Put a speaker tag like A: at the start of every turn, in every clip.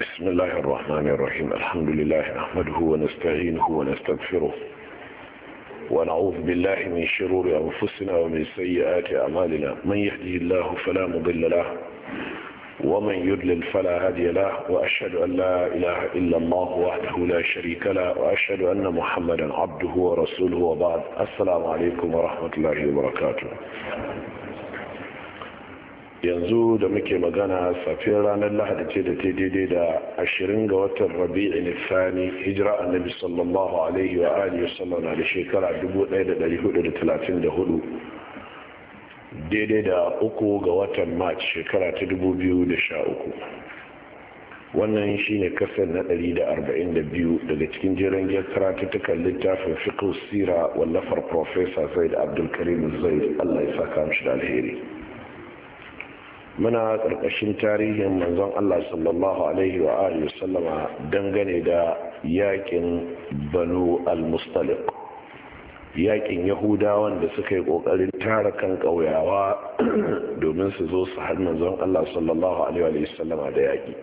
A: بسم الله الرحمن الرحيم الحمد لله نحمده ونستعينه ونستغفره ونعوذ بالله من شرور أنفسنا ومن سيئات أعمالنا من يهده الله فلا مضل له ومن يدلل فلا هادي له وأشهد أن لا إله إلا الله وحده لا شريك له وأشهد أن محمدا عبده ورسوله وبعد السلام عليكم ورحمة الله وبركاته yanzu da muke magana safiyar ranar lahadi ce da ta daidai da ashirin ga watan rabi'i Sani, hijira annabi sallallahu alaihi wa alihi sallallahu alaihi da shekara 1434 daidai da uku ga watan march shekara ta 2013 wannan shi ne kasar na 142 daga cikin jiran gyakara karatuttukan littafin fiqh sira wallafar professor zaid abdulkarim zaid allah ya saka mashi da alheri muna ƙarƙashin tarihin manzon Allah sallallahu alaihi wa alihi sallama dangane da yakin banu al-mustaliq yakin yahudawan da suka yi ƙoƙarin tara kan ƙauyawa domin su zo su har manzon Allah sallallahu alaihi wa sallama da yaƙi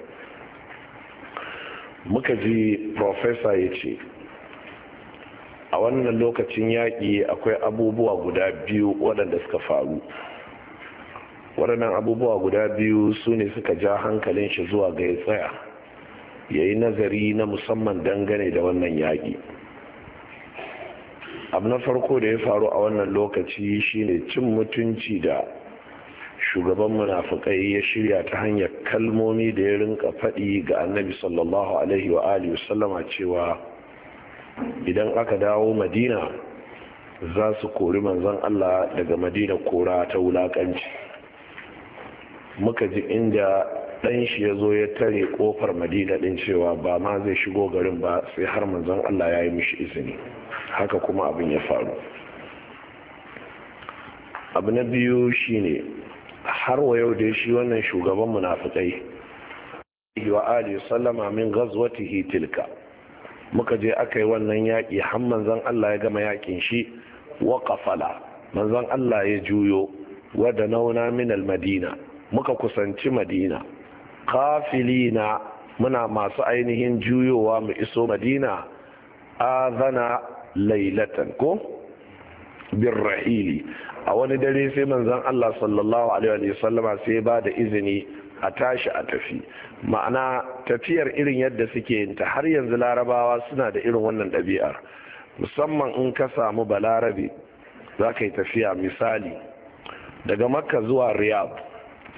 A: muka ji profesa ya ce a wannan lokacin yaƙi akwai abubuwa guda biyu waɗanda suka faru waɗannan abubuwa guda biyu su ne suka ja hankalin shi zuwa ga ya tsaya ya yi nazari na musamman dangane da wannan yaƙi abu na farko da ya faru a wannan lokaci shine cin mutunci da shugaban munafukai ya shirya ta hanyar kalmomi da ya rinka faɗi ga annabi sallallahu alaihi wa alihi sallama cewa idan aka dawo madina za su kori manzon allah daga madina kora ta wulaƙanci muka ji inda ɗan shi ya zo ya tare ƙofar madina ɗin cewa ba ma zai shigo garin ba sai har manzon allah ya yi mishi izini haka kuma abin ya faru abu na biyu shi ne, har wa yau dai shi wannan shugaban munafikai wa Ali sallama min ghazwatihi tilka muka je aka yi wannan yaƙi har manzon Allah ya gama yaƙin shi wa qafala manzon Allah ya juyo wa da nauna min al-madina muka kusanci madina kafilina muna masu ainihin juyowa mu iso madina azana lailatan ko birrahili a wani dare sai manzon Allah sallallahu alaihi sallama sai ba da izini a tashi a tafi ma'ana tafiyar irin yadda suke yin ta har yanzu larabawa suna da irin wannan ɗabi'ar musamman in ka samu balarabe za ka yi tafiya misali daga makka zuwa riyadh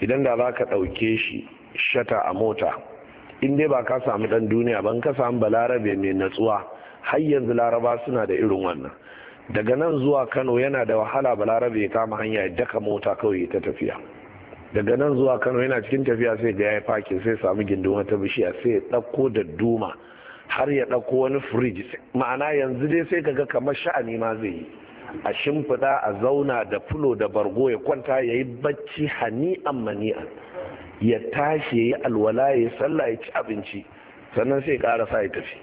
A: idan da za ka ɗauke shi shata a mota in dai ba ka samu ɗan duniya ban ka samu balarabe mai natsuwa har yanzu laraba suna da irin wannan daga nan zuwa kano yana da wahala balarabe ya kama hanya ya daka mota kawai ta tafiya daga nan zuwa kano yana cikin tafiya sai ga ya yi fakin sai samu gindin wata bishiya sai ya ɗauko da duma har ya ɗauko wani firiji ma'ana yanzu dai sai ka ga kamar sha'ani ma zai yi a shimfiɗa a zauna da fulo da bargo ya kwanta ya yi bacci hani'an mani'an ya tashi ya yi alwala ya sallah ya ci abinci sannan sai ƙara sa ya tafi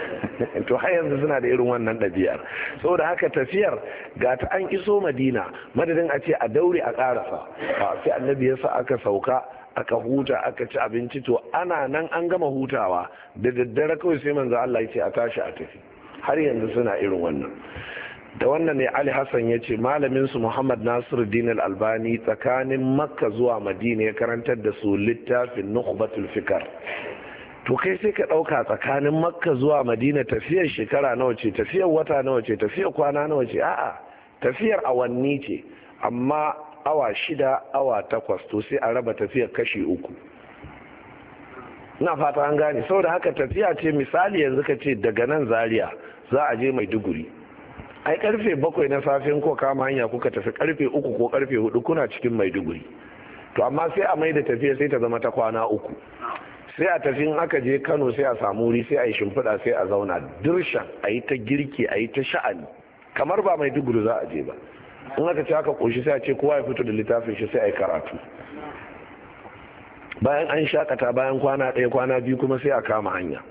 A: to har yanzu suna da irin wannan ɗabi'ar saboda haka tafiyar ga ta an iso madina madadin a ce a daure a ƙarasa sai annabi ya sa aka sauka aka huta aka ci abinci to ana nan an gama hutawa da daddare kawai sai manzo Allah ya ce a tashi a tafi har yanzu suna irin wannan da wannan ne ali hassan ya ce malaminsu muhammad Nasiru dinar albani tsakanin makka zuwa madina ya karantar da su littafin nukhbatul fikar to kai sai ka ɗauka tsakanin makka zuwa madina tafiyar shekara nawa ce tafiyar wata nawa ce tafiyar kwana nawa ce a'a tafiyar awanni ce amma awa shida awa takwas to sai a raba tafiyar kashi uku na fata an gane saboda haka tafiya ce misali yanzu ka ce daga nan zaria za a je maiduguri ai karfe bakwai na safen ko kama hanya kuka tafi karfe uku ko karfe hudu kuna cikin maiduguri to amma sai a mai da tafiya sai ta zama ta kwana uku sai a tafi in aka je kano sai a samu wuri sai a yi shimfiɗa sai a zauna dirshan a yi ta girki a yi ta sha'ani kamar ba mai duguri za a je ba in aka ce aka ƙoshi sai a ce kowa ya fito da littafin shi sai a yi karatu bayan an shakata bayan kwana ɗaya kwana biyu kuma sai a kama hanya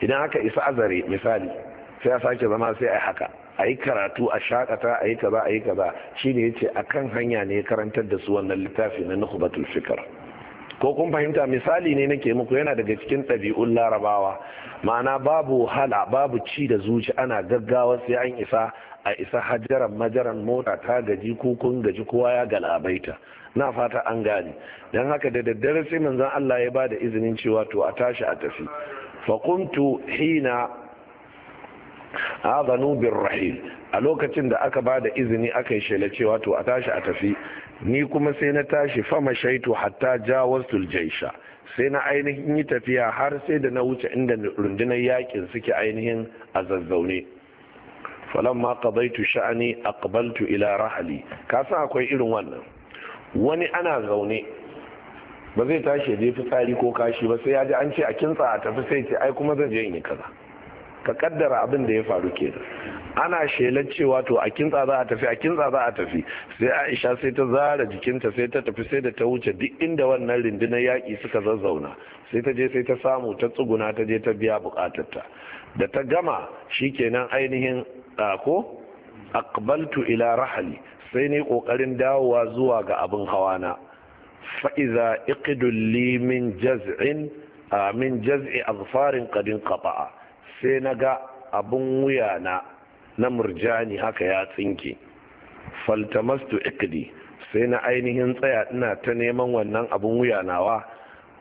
A: idan aka isa azare misali sai a sake zama sai a yi haka a yi karatu a shakata a yi kaza a yi kaza shi ne ya ce a kan hanya ne karantar da su wannan littafi na nukubatul fikar ko kun fahimta misali ne nake muku yana daga cikin ɗabi'un larabawa ma'ana babu hala babu ci da zuci ana gaggawa sai an isa a isa hajaran majaran mota ta gaji ko kun gaji kowa ya galabaita na fata an gane don haka da daddare sai manzon Allah ya ba da izinin cewa to a tashi a tafi faƙuntu hina a azanu bin rahil a lokacin da aka ba da izini aka yi shela cewa to a tashi a tafi ni kuma sai na tashi fama shaitu hatta jawaztul jaisha sai na ainihin yi tafiya har sai da na wuce inda rundunar yakin suke ainihin a zazzaune ma kabaitu sha'ani aqbaltu ila rahali ka san akwai irin wannan wani ana zaune ba zai tashi ya je fitsari ko kashi ba sai ya ji an ce a kintsa a tafi sai ce ai kuma zan je in yi kaza ka kaddara abin da ya faru ke ana shelar cewa to a kintsa za a tafi a kintsa za a tafi sai aisha sai ta zara jikinta sai ta tafi sai da ta wuce duk inda wannan rindunar yaƙi suka zazzauna sai ta je sai ta samu ta tsuguna ta je ta biya bukatarta da ta gama shi shikenan ainihin ko akbaltu ila rahali sai ne kokarin dawowa zuwa ga abin hawa na. fa'iza iqidul li min jaz'in min jaz'i azfarin qadin qata'a sai na ga abin wuya na na murjani haka ya tsinke faltamastu ikidi sai na ainihin tsaya ina ta neman wannan abin wuya nawa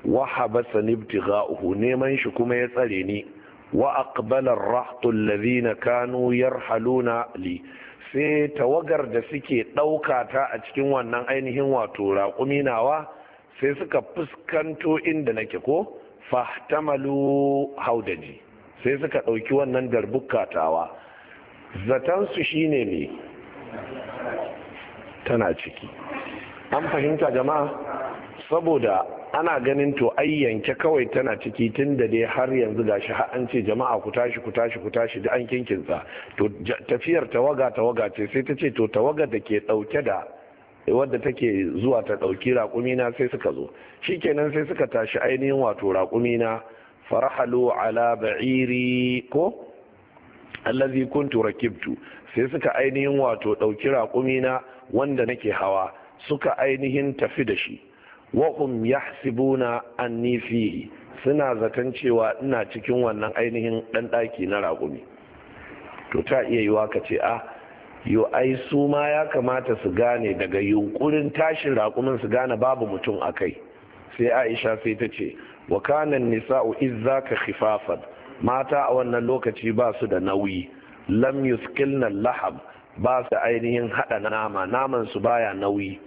A: wa habasa ga'uhu neman shi kuma ya tsare ni wa aqbala ar na kanu yarhaluna li sai tawagar da suke ɗauka ta a cikin wannan ainihin wato raƙumi nawa sai suka fuskanto inda nake ko fahtamalu haudaji sai suka ɗauki wannan darbukka zatansu shi ne tana ciki an fahimta jama'a saboda ana ganin to ai yanke kawai tana ciki tun da dai har yanzu gashi shi an ce jama'a ku tashi ku tashi ku tashi da an kinkinsa to tafiyar tawaga tawaga ce sai ta ce to tawaga da ke dauke da wadda take zuwa ta ɗauki raƙumina sai suka zo shikenan sai suka tashi ainihin wato raƙumina farahalu ala ba'iri ko allazi kuntu rakibtu sai suka ainihin wato ɗauki na wanda nake hawa suka ainihin tafi da shi hum yahsibuna anni fihi suna zaton cewa ina cikin wannan ainihin ɗan ɗaki na raƙumi to ta iya yiwa ka ce a ah, yo ai su ma ya kamata su gane daga yunkurin tashin raƙumin su gane babu mutum a kai sai aisha sai ta ce wa kanan nisa'u izza ka khifafan mata a wannan lokaci ba su da nauyi lam yuskilna lahab ba su ainihin hada nama naman su baya nauyi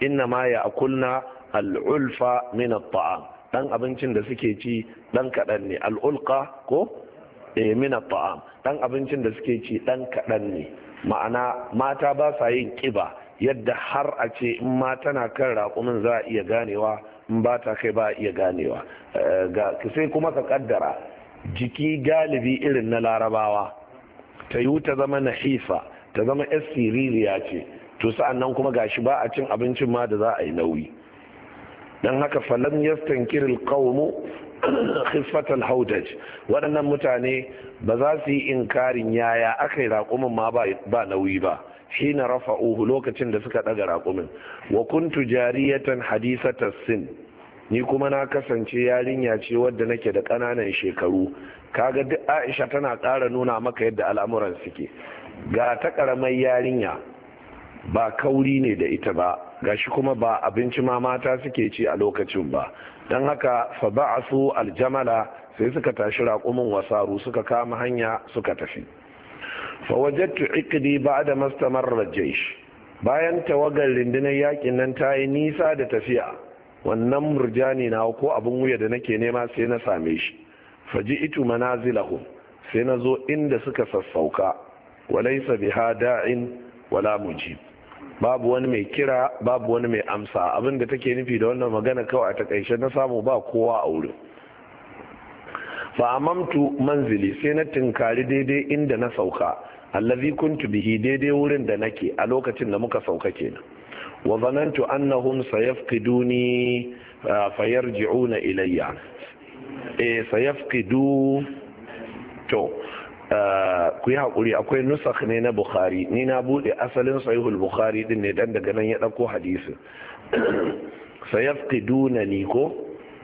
A: inna ma ya akulna al'ulfa min at-ta'am dan abincin da suke ci dan kadan ne al'ulqa ko eh min at dan abincin da suke ci dan kadan ne ma'ana mata ba sa yin kiba yadda har a ce in ma tana kan raƙumin za a iya ganewa in ba ta kai ba iya ganewa eh, Ga sai kuma ka kaddara jiki galibi irin na larabawa ta yi ta zama hifa ta zama yar siririya ce to sa'an nan kuma gashi ba a cin abincin ma da za a yi nauyi don haka ya stankirin kawo khifat haudaj waɗannan mutane ba za su yi inkarin yaya aka yi raƙumin ma ba nauyi ba Shi rafa rafa'uhu lokacin da suka ɗaga raƙumin wa kuntu jariyatan hadisatar sin ni kuma na kasance yarinya ce wadda nake da ƙananan shekaru kaga duk aisha tana ƙara nuna maka yadda al'amuran suke ga ta ƙaramar yarinya ba kauri ne da ita ba ga shi kuma ba abinci ma mata suke ci a lokacin ba don haka fa ba su aljamala sai suka tashi raƙumin wasaru suka kama hanya suka tafi fa wajattu iqdi ba'da mastamar rajesh bayan tawagar rindunar yakin nan ta yi nisa da tafiya wannan murjani na ko abin wuya da nake nema sai na same shi faji itu manazilahum sai na zo inda suka sassauka walaisa biha da'in wala mujib babu wani mai kira babu wani mai amsa abin da take nufi da wannan magana kawai a takaice na samu ba kowa a wurin man manzili sai na tinkari daidai inda na sauka allazi kuntu bihi daidai wurin da nake a lokacin da muka sauka kenan wa zanantu annahum sayafqiduni uh, fayarji'una ilayya eh sayafqidu to uh, ku yi haƙuri akwai nusakh ne na bukhari ni na buɗe asalin sahihul bukhari din ne dan daga nan ya ɗauko hadisi sayafqiduna ni ko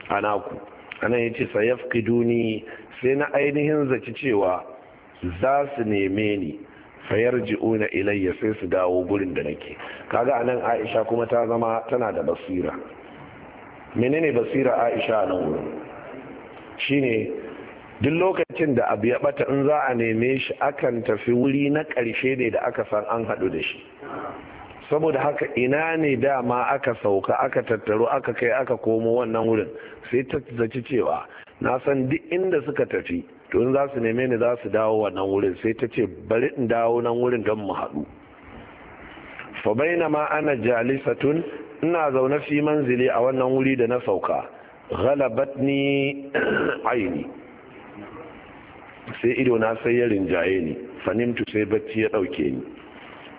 A: anaku anan yace sayafqiduni sai na ainihin zaci cewa za su neme ni fayarji'una ilayya sai su dawo gurin da nake kaga anan Aisha kuma ta zama tana da basira menene basira Aisha nan wurin shine duk lokacin da abu ya bata in za a neme shi akan tafi wuri na karshe ne da aka san an haɗu da shi saboda haka ina ne dama aka sauka aka tattaro aka kai aka komo wannan wurin sai ta zaci cewa na san duk inda suka tafi to in za su neme ni za su dawo wannan wurin sai ta ce bari in dawo nan wurin don mu haɗu fa baina ma ana jalisatun ina zaune fi manzili a wannan wuri da na sauka ni aini sai ido na sai ya rinjaye ni fanimtu sai bacci ya ɗauke ni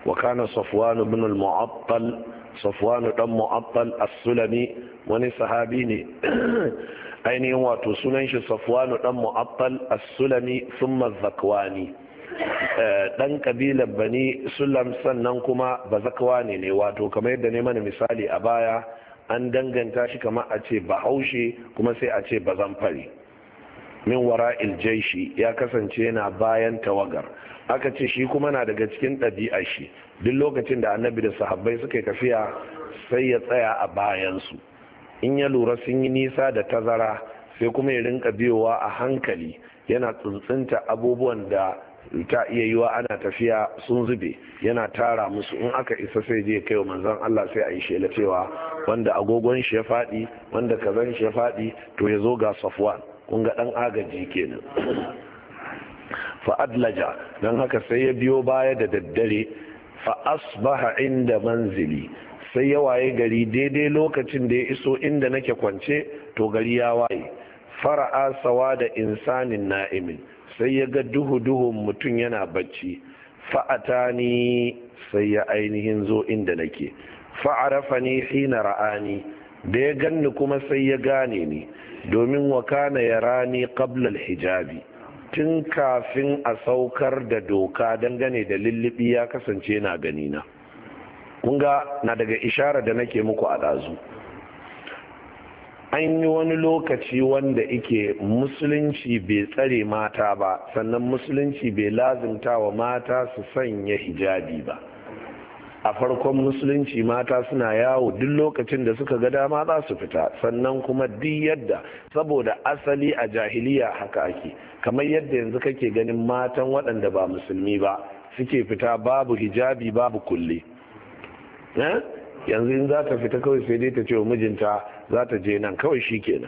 A: wa kana safwan ibn al-mu'attal safwan dan mu'attal as-sulami wani sahabi ne ainihin wato sunan shi safwanu dan mu'abbal as-sulami thumma zakwani eh, dan kabilar bani sulam sannan kuma ba zakwani ne wato kamar yadda ne mana misali a baya an danganta shi kamar a ce bahaushe kuma sai a ce bazan fari min wara iljaishi ya kasance yana bayan tawagar aka ce shi kuma na daga cikin ɗabi'a shi duk lokacin da annabi da sahabbai suka yi tafiya sai ya tsaya a bayansu in ya lura sun yi nisa da tazara sai kuma ya rinka biyowa a hankali yana tsuntsunta abubuwan da ta iya yiwa ana tafiya sun zube yana tara musu in aka isa sai je kai manzon Allah sai a yi shela cewa wanda agogon shi ya faɗi wanda kazan shi ya faɗi to ya zo ga safwan kun ga dan agaji kenan fa'adlaja don haka sai ya biyo baya da daddare fa asbaha inda manzili sai ya waye gari daidai lokacin da ya iso inda nake kwance to gari ya waye fara'a sawa da insanin na'imin sai ya ga duhu-duhun mutum yana bacci fa'ata ni sai ya ainihin zo inda nake fa'arafa ni hina ra'ani da ya ganni kuma sai ya gane ni domin wakana ya rani qablal hijabi tun kafin a saukar da doka dangane da lullubi ya kasance na ganina. kun ga na daga ishara da nake muku a ɗazu an yi wani lokaci wanda ike musulunci bai tsare mata ba sannan musulunci bai lazimta wa mata su sanya hijabi ba a farkon musulunci mata suna yawo duk lokacin da suka ga dama za su fita sannan kuma duk yadda saboda asali a jahiliya haka ake kamar yadda yanzu kake ganin matan waɗanda ba musulmi ba suke fita babu hijabi babu kulle Eh? yanzu in za ta fita kawai sai dai ta ce wa mijinta za ta je nan kawai shi kenan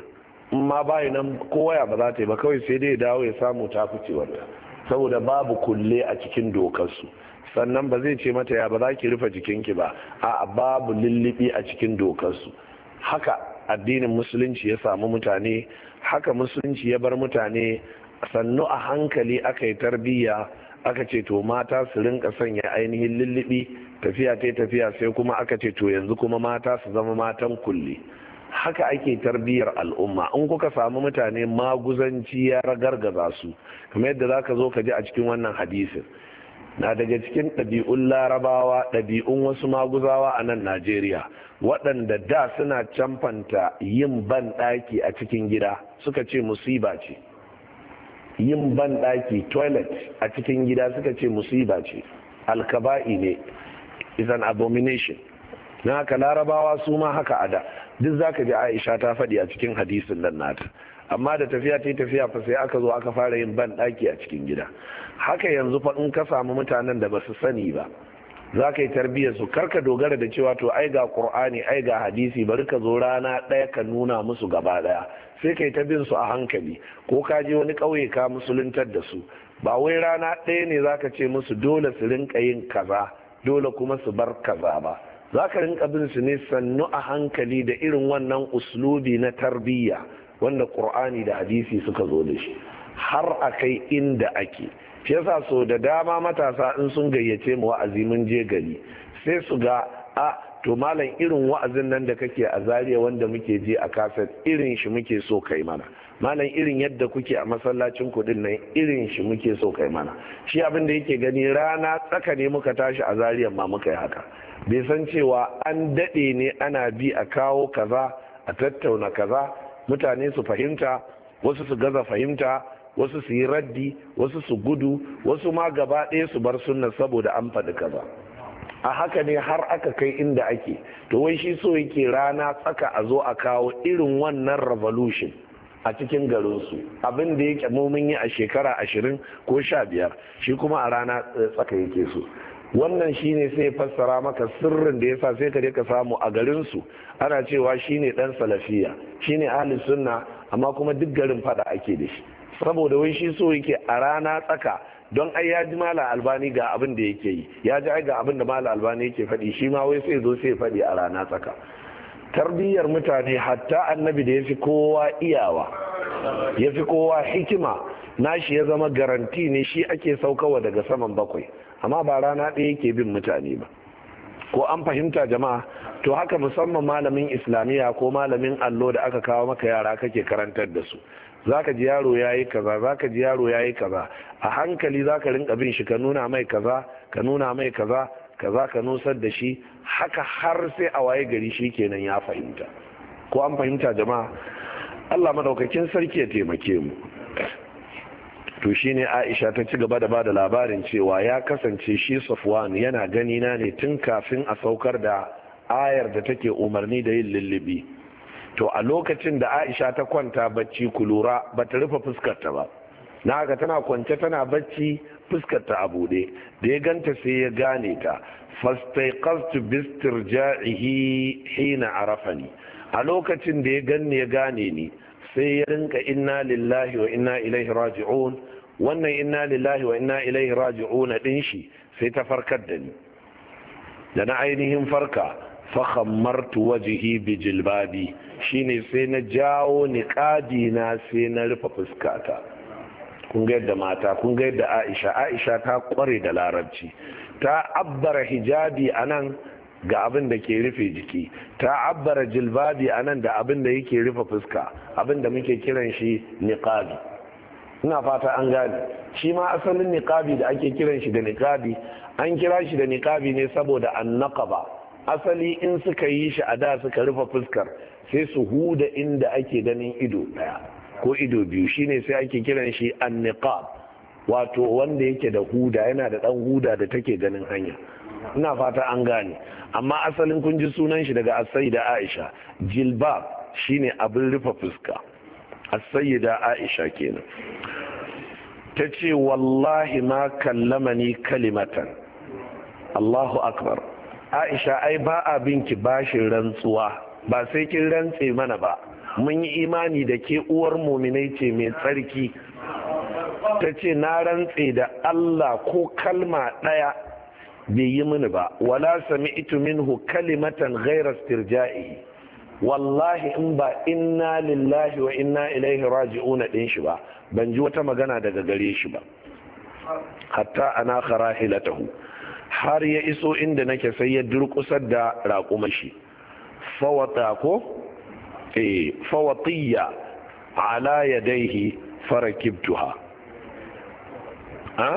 A: in ma bayi nan kowaya ba za ta yi ba kawai sai dai dawo ya samu ta fice wanda saboda babu kulle a cikin dokarsu sannan ba zai ce mata ya ba za ki rufe jikinki ba a babu lullubi a cikin dokarsu haka addinin musulunci ya samu mutane haka musulunci ya bar mutane sannu a hankali aka yi tarbiyya aka ce to mata su rinka sanya ainihin lullubi tafiya ta tafiya sai kuma aka ce to yanzu kuma mata su zama matan kulle haka ake tarbiyyar al'umma in kuka samu mutane maguzanci ya ragargaza su kuma yadda za ka zo ka ji a cikin wannan hadisin na daga cikin ɗabi'un larabawa ɗabi'un wasu maguzawa a nan najeriya waɗanda da suna camfanta yin ban ɗaki a cikin gida suka ce musiba ce yin ban ɗaki toilet a cikin gida suka ce musiba ce alkaba'i ne is an abomination na haka larabawa su ma haka ada duk za ka ji aisha ta faɗi a cikin hadisin nan nata amma da tafiya ta yi tafiya fa sai aka zo aka fara yin ban ɗaki a cikin gida haka yanzu fa in ka samu mutanen da ba su sani ba za ka yi tarbiyyar su karka dogara da cewa to ai ga qur'ani ai ga hadisi bari ka zo rana ɗaya ka nuna musu gaba ɗaya sai ka yi ta bin su a hankali ko ka je wani ƙauye ka musuluntar da su ba wai rana ɗaya ne za ka ce musu dole su rinka yin kaza dole kuma su bar kaza ba za ka rinka bin su ne sannu a hankali da irin wannan uslubi na tarbiyya wanda ƙur'ani da hadisi suka zo da shi har a kai inda ake shi yasa so da dama matasa in sun gayyace mu wa'azi mun je gari sai su ga a to malam irin wa'azin nan da kake a zariya wanda muke je a kasar irin shi muke so kai mana malam irin yadda kuke a masallacin kudin nan irin shi muke so kai mana shi abin da yake gani rana tsaka ne muka tashi a zariyan ma muka yi haka bai san cewa an daɗe ne ana bi a kawo kaza a tattauna kaza mutane su fahimta wasu su gaza fahimta wasu su yi raddi wasu su gudu wasu ma gaba ɗaya su bar sunna saboda an faɗi kaza a haka ne har aka kai inda ake to wai shi so yake rana tsaka a zo a kawo irin wannan revolution a cikin garinsu abin da yake mumin yi a shekara ashirin ko sha biyar shi kuma a rana eh, tsaka yake su wannan shine sai fassara maka sirrin da ya sa sai ka ka samu a garinsu ana cewa shine dan salafiya shine ahli sunna amma kuma duk garin fada ake da shi saboda wai shi so yake a rana tsaka don ai ya ji mala albani ga abin da yake yi ya ji ai ga abin da mala albani yake faɗi shi ma wai sai zo sai faɗi a rana tsaka tarbiyyar mutane hatta annabi da ya fi kowa iyawa ya fi kowa hikima nashi ya zama garanti ne shi ake saukawa daga saman bakwai amma ba rana ɗaya yake bin mutane ba ko an fahimta jama'a to haka musamman malamin islamiyya ko malamin allo da aka kawo maka yara kake karantar da su zaka ji yaro yayi kaza zaka ji yaro yayi kaza a hankali zaka rinka bin shi ka nuna mai kaza ka nuna mai kaza kaza ka nusar da shi haka har sai a waye gari shi kenan ya fahimta ko an fahimta jama'a Allah madaukakin sarki ya taimake mu to shine Aisha ta ci gaba da bada labarin cewa ya kasance shi Safwan yana gani na ne tun kafin a saukar da ayar da take umarni da yin lullubi to a lokacin da Aisha ta kwanta bacci kulura bata rufe fuskarta ba na ga tana kwance tana bacci fuskar ta a bude da ya ganta sai ya gane ta Fastai bistir ja'ihi hina arafani a lokacin da ya ganni ya gane ni sai ya rinka inna lillahi wa inna ilaihi raji'un wannan inna lillahi wa inna ilaihi raji'un din shi sai ta farkar da ni da na ainihin farka fahammartu wajihi bi jilbabi shine sai na jawo niqabi na sai na rufe fuskata kun ga yadda mata kun ga yadda aisha aisha ta kware da larabci ta abbara hijabi a nan ga abin da ke rufe jiki ta abbara jilbabi a nan da abin da yake rufe fuska abin da muke kiran shi niqabi ina fata an gane shi ma asalin niqabi da ake kiran shi da niqabi an kira shi da niqabi ne saboda annaqaba asali in suka yi shi a da suka rufe fuskar sai su huda inda ake ganin ido daya ko ido biyu shine sai ake kiran shi anniqab wato wanda yake da huda yana da dan huda da take ganin hanya ina fata an gane amma asalin kun ji sunan shi daga as-sayyida Aisha jilbab shine abin rufe fuska as-sayyida Aisha kenan tace wallahi ma kallamani kalimatan Allahu akbar Aisha ai ba abin ki bashin rantsuwa ba sai kin rantse mana ba mun yi imani da ke uwar muminai ce mai tsarki ta ce na rantse da Allah ko kalma ɗaya bai yi mini ba wala sami itu minhu kalimatan ghaira stirja'i wallahi in ba inna lillahi wa inna ilaihi raji'una din shi ba ban ji wata magana daga gare shi ba hatta ana kharahilatahu har ya iso inda nake sai ya durkusar da raƙumashi fawata ko eh fawatiyya ala yadayhi fara ha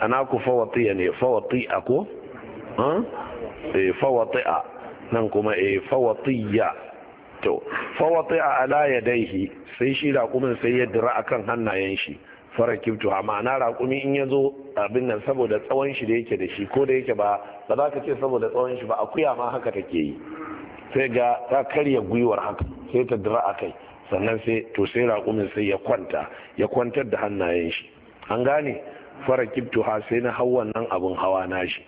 A: ana ku fawatiyya ne fawati'a ko ha eh fawati'a nan kuma eh fawatiyya to fawati'a ala ya yadayhi sai shi da kuma sai ya dira akan hannayen shi farakibtu amma na raƙumi in ya zo abin nan saboda tsawon shi da yake da shi ko da yake ba ba za ka ce saboda tsawon shi ba akuya ma haka take yi sai ga ta karya gwiwar haka sai ta dira a kai sannan sai to sai raƙumin sai ya kwanta ya kwantar da hannayen shi an gane farakibtu ha sai na hau wannan abin hawa na shi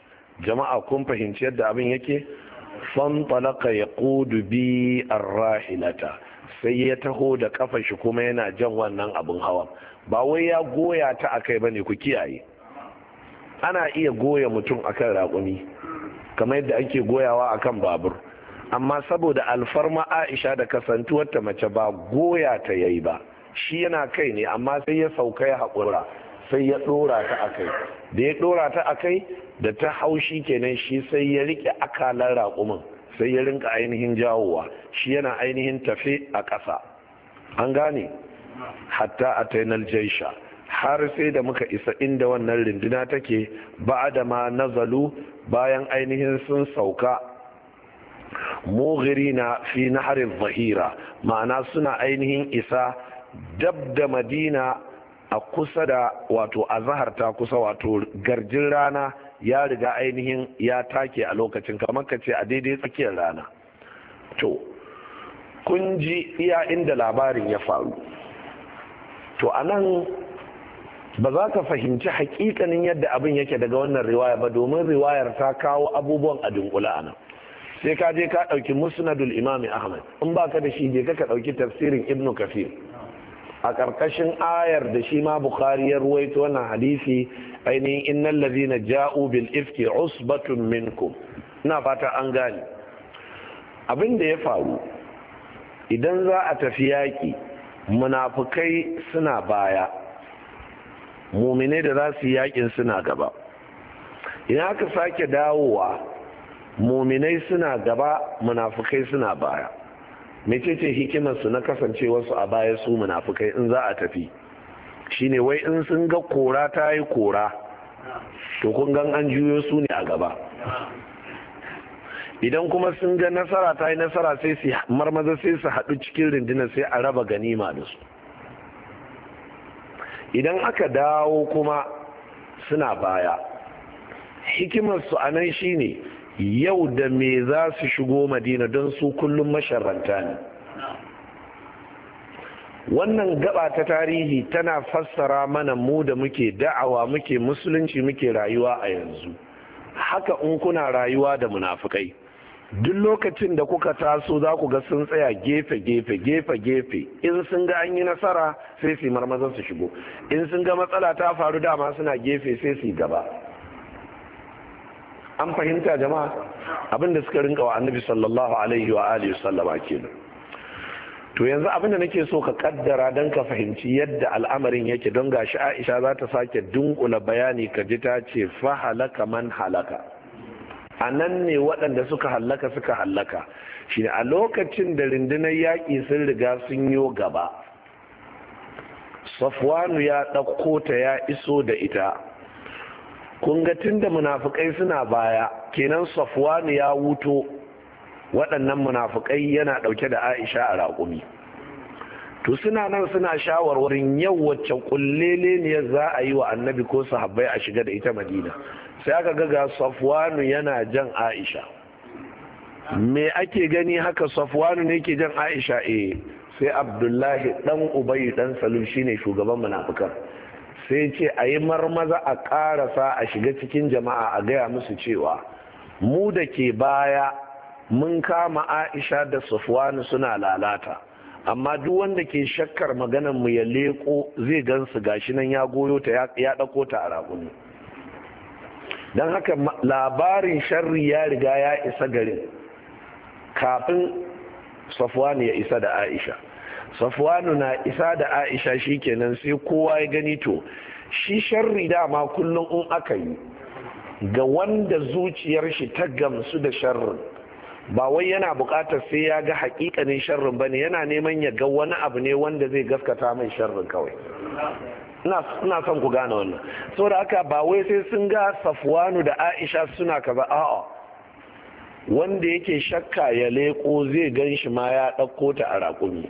A: jama'a kun fahimci yadda abin yake fanfalaka ya kudu bi arrahilata sai ya taho da kafa shi kuma yana jan wannan abin hawan ba wai ya goya ta a akai bane ku kiyaye ana iya goya mutum akan raƙumi kamar yadda ake goyawa akan babur amma saboda alfarma aisha da kasantuwarta mace ba goya ta yayi ba shi yana kai ne amma sai ya sauka ya haƙura sai ya ɗora ta kai. da ya ɗora ta kai da ta haushi kenan shi sai ya riƙe akalan raƙumin sai ya rinka ainihin jawowa shi yana ainihin tafe a ƙasa an gane hatta a tainar jaisha har sai da muka isa inda wannan rinduna take ba da ma nazalu bayan ainihin sun sauka na fi naharin zahira ma'ana suna ainihin isa dab da madina a kusa da wato a zaharta ta kusa wato garjin rana ya riga ainihin ya take a lokacin kamar ka ce a daidai tsakiyar rana to kun ji iya inda labarin ya faru to anan ba za ka fahimci hakikanin yadda abin yake daga wannan riwaya ba domin riwayar ta kawo abubuwan a dunkula a nan sai ka je ka ɗauki musnadul imami ahmad in ba ka da shi je ka ɗauki tafsirin ibnu kafir a ƙarƙashin ayar da shi ma bukhari ya ruwaito wannan hadisi ainihin innal ladhina ja'u bil ifki usbatun minkum ina fata an gane abin da ya faru idan za a tafi yaƙi munafukai suna baya mumine da za su yi yakin suna gaba idan aka sake dawowa muminai suna gaba munafukai suna baya mecece hikimarsu na kasancewarsu a baya su munafukai in za a tafi shine wai in sun ga kora ta yi kora to kun gan an juyo su ne a gaba idan kuma sun ga nasara ta yi nasara sai su marmaza sai su haɗu cikin rundunar sai a raba ganima da su idan aka dawo kuma suna baya hikimarsu a nan shi ne yau da me za su shigo madina don su kullum masharanta ne wannan gaba ta tarihi tana fassara mana mu da muke da'awa muke musulunci muke rayuwa a yanzu haka in kuna rayuwa da munafukai duk lokacin da kuka taso za ku ga sun tsaya gefe gefe gefe gefe in sun ga an yi nasara sai su marmazan su shigo in sun ga matsala ta faru dama suna gefe sai su gaba an fahimta jama'a abin da suka rinka wa annabi sallallahu alaihi wa alihi sallama kenan to yanzu abin da nake so ka kaddara don ka fahimci yadda al'amarin yake don ga gashi Aisha za ta sake dunkula bayani ka ji ta ce fa halaka man halaka a nan ne waɗanda suka hallaka suka hallaka shi a lokacin da rundunar yaƙi sun riga sun yo gaba safwanu ya ɗauko ta ya iso da ita kun tun da munafukai suna baya kenan safwanu ya wuto waɗannan munafukai yana ɗauke da aisha a raƙumi to suna nan suna shawarwarin yau wacce kullele ne za a yi wa annabi ko sahabbai a shiga da ita madina sai aka ga ga safwanu yana jan aisha me ake gani haka safwanu ne ke jan aisha eh sai abdullahi dan ubayi dan salim shine shugaban munafikan sai ce a yi marmaza a karasa a shiga cikin jama'a a gaya musu cewa mu da ke baya mun kama aisha da safwanu suna lalata amma duk wanda ke shakkar maganar mu ya leko zai gansu gashi nan ya goyo ta ya dako ta a raƙumi don haka labarin sharri ya riga ya isa garin kafin safwan ya isa da aisha safwanu na isa da aisha shi shikenan sai kowa ya gani to shi sharri dama kullum in aka yi ga wanda zuciyar shi ta gamsu da sharri ba wai yana bukatar sai ya ga haƙiƙanin sharrin bane yana neman ya ga wani abu ne wanda zai gaskata mai sharrin kawai ina son ku gane wannan saboda haka ba wai sai sun ga safwanu da aisha suna kaza a'a wanda yake shakka ya leko zai gan shi ma ya ɗauko ta a raƙumi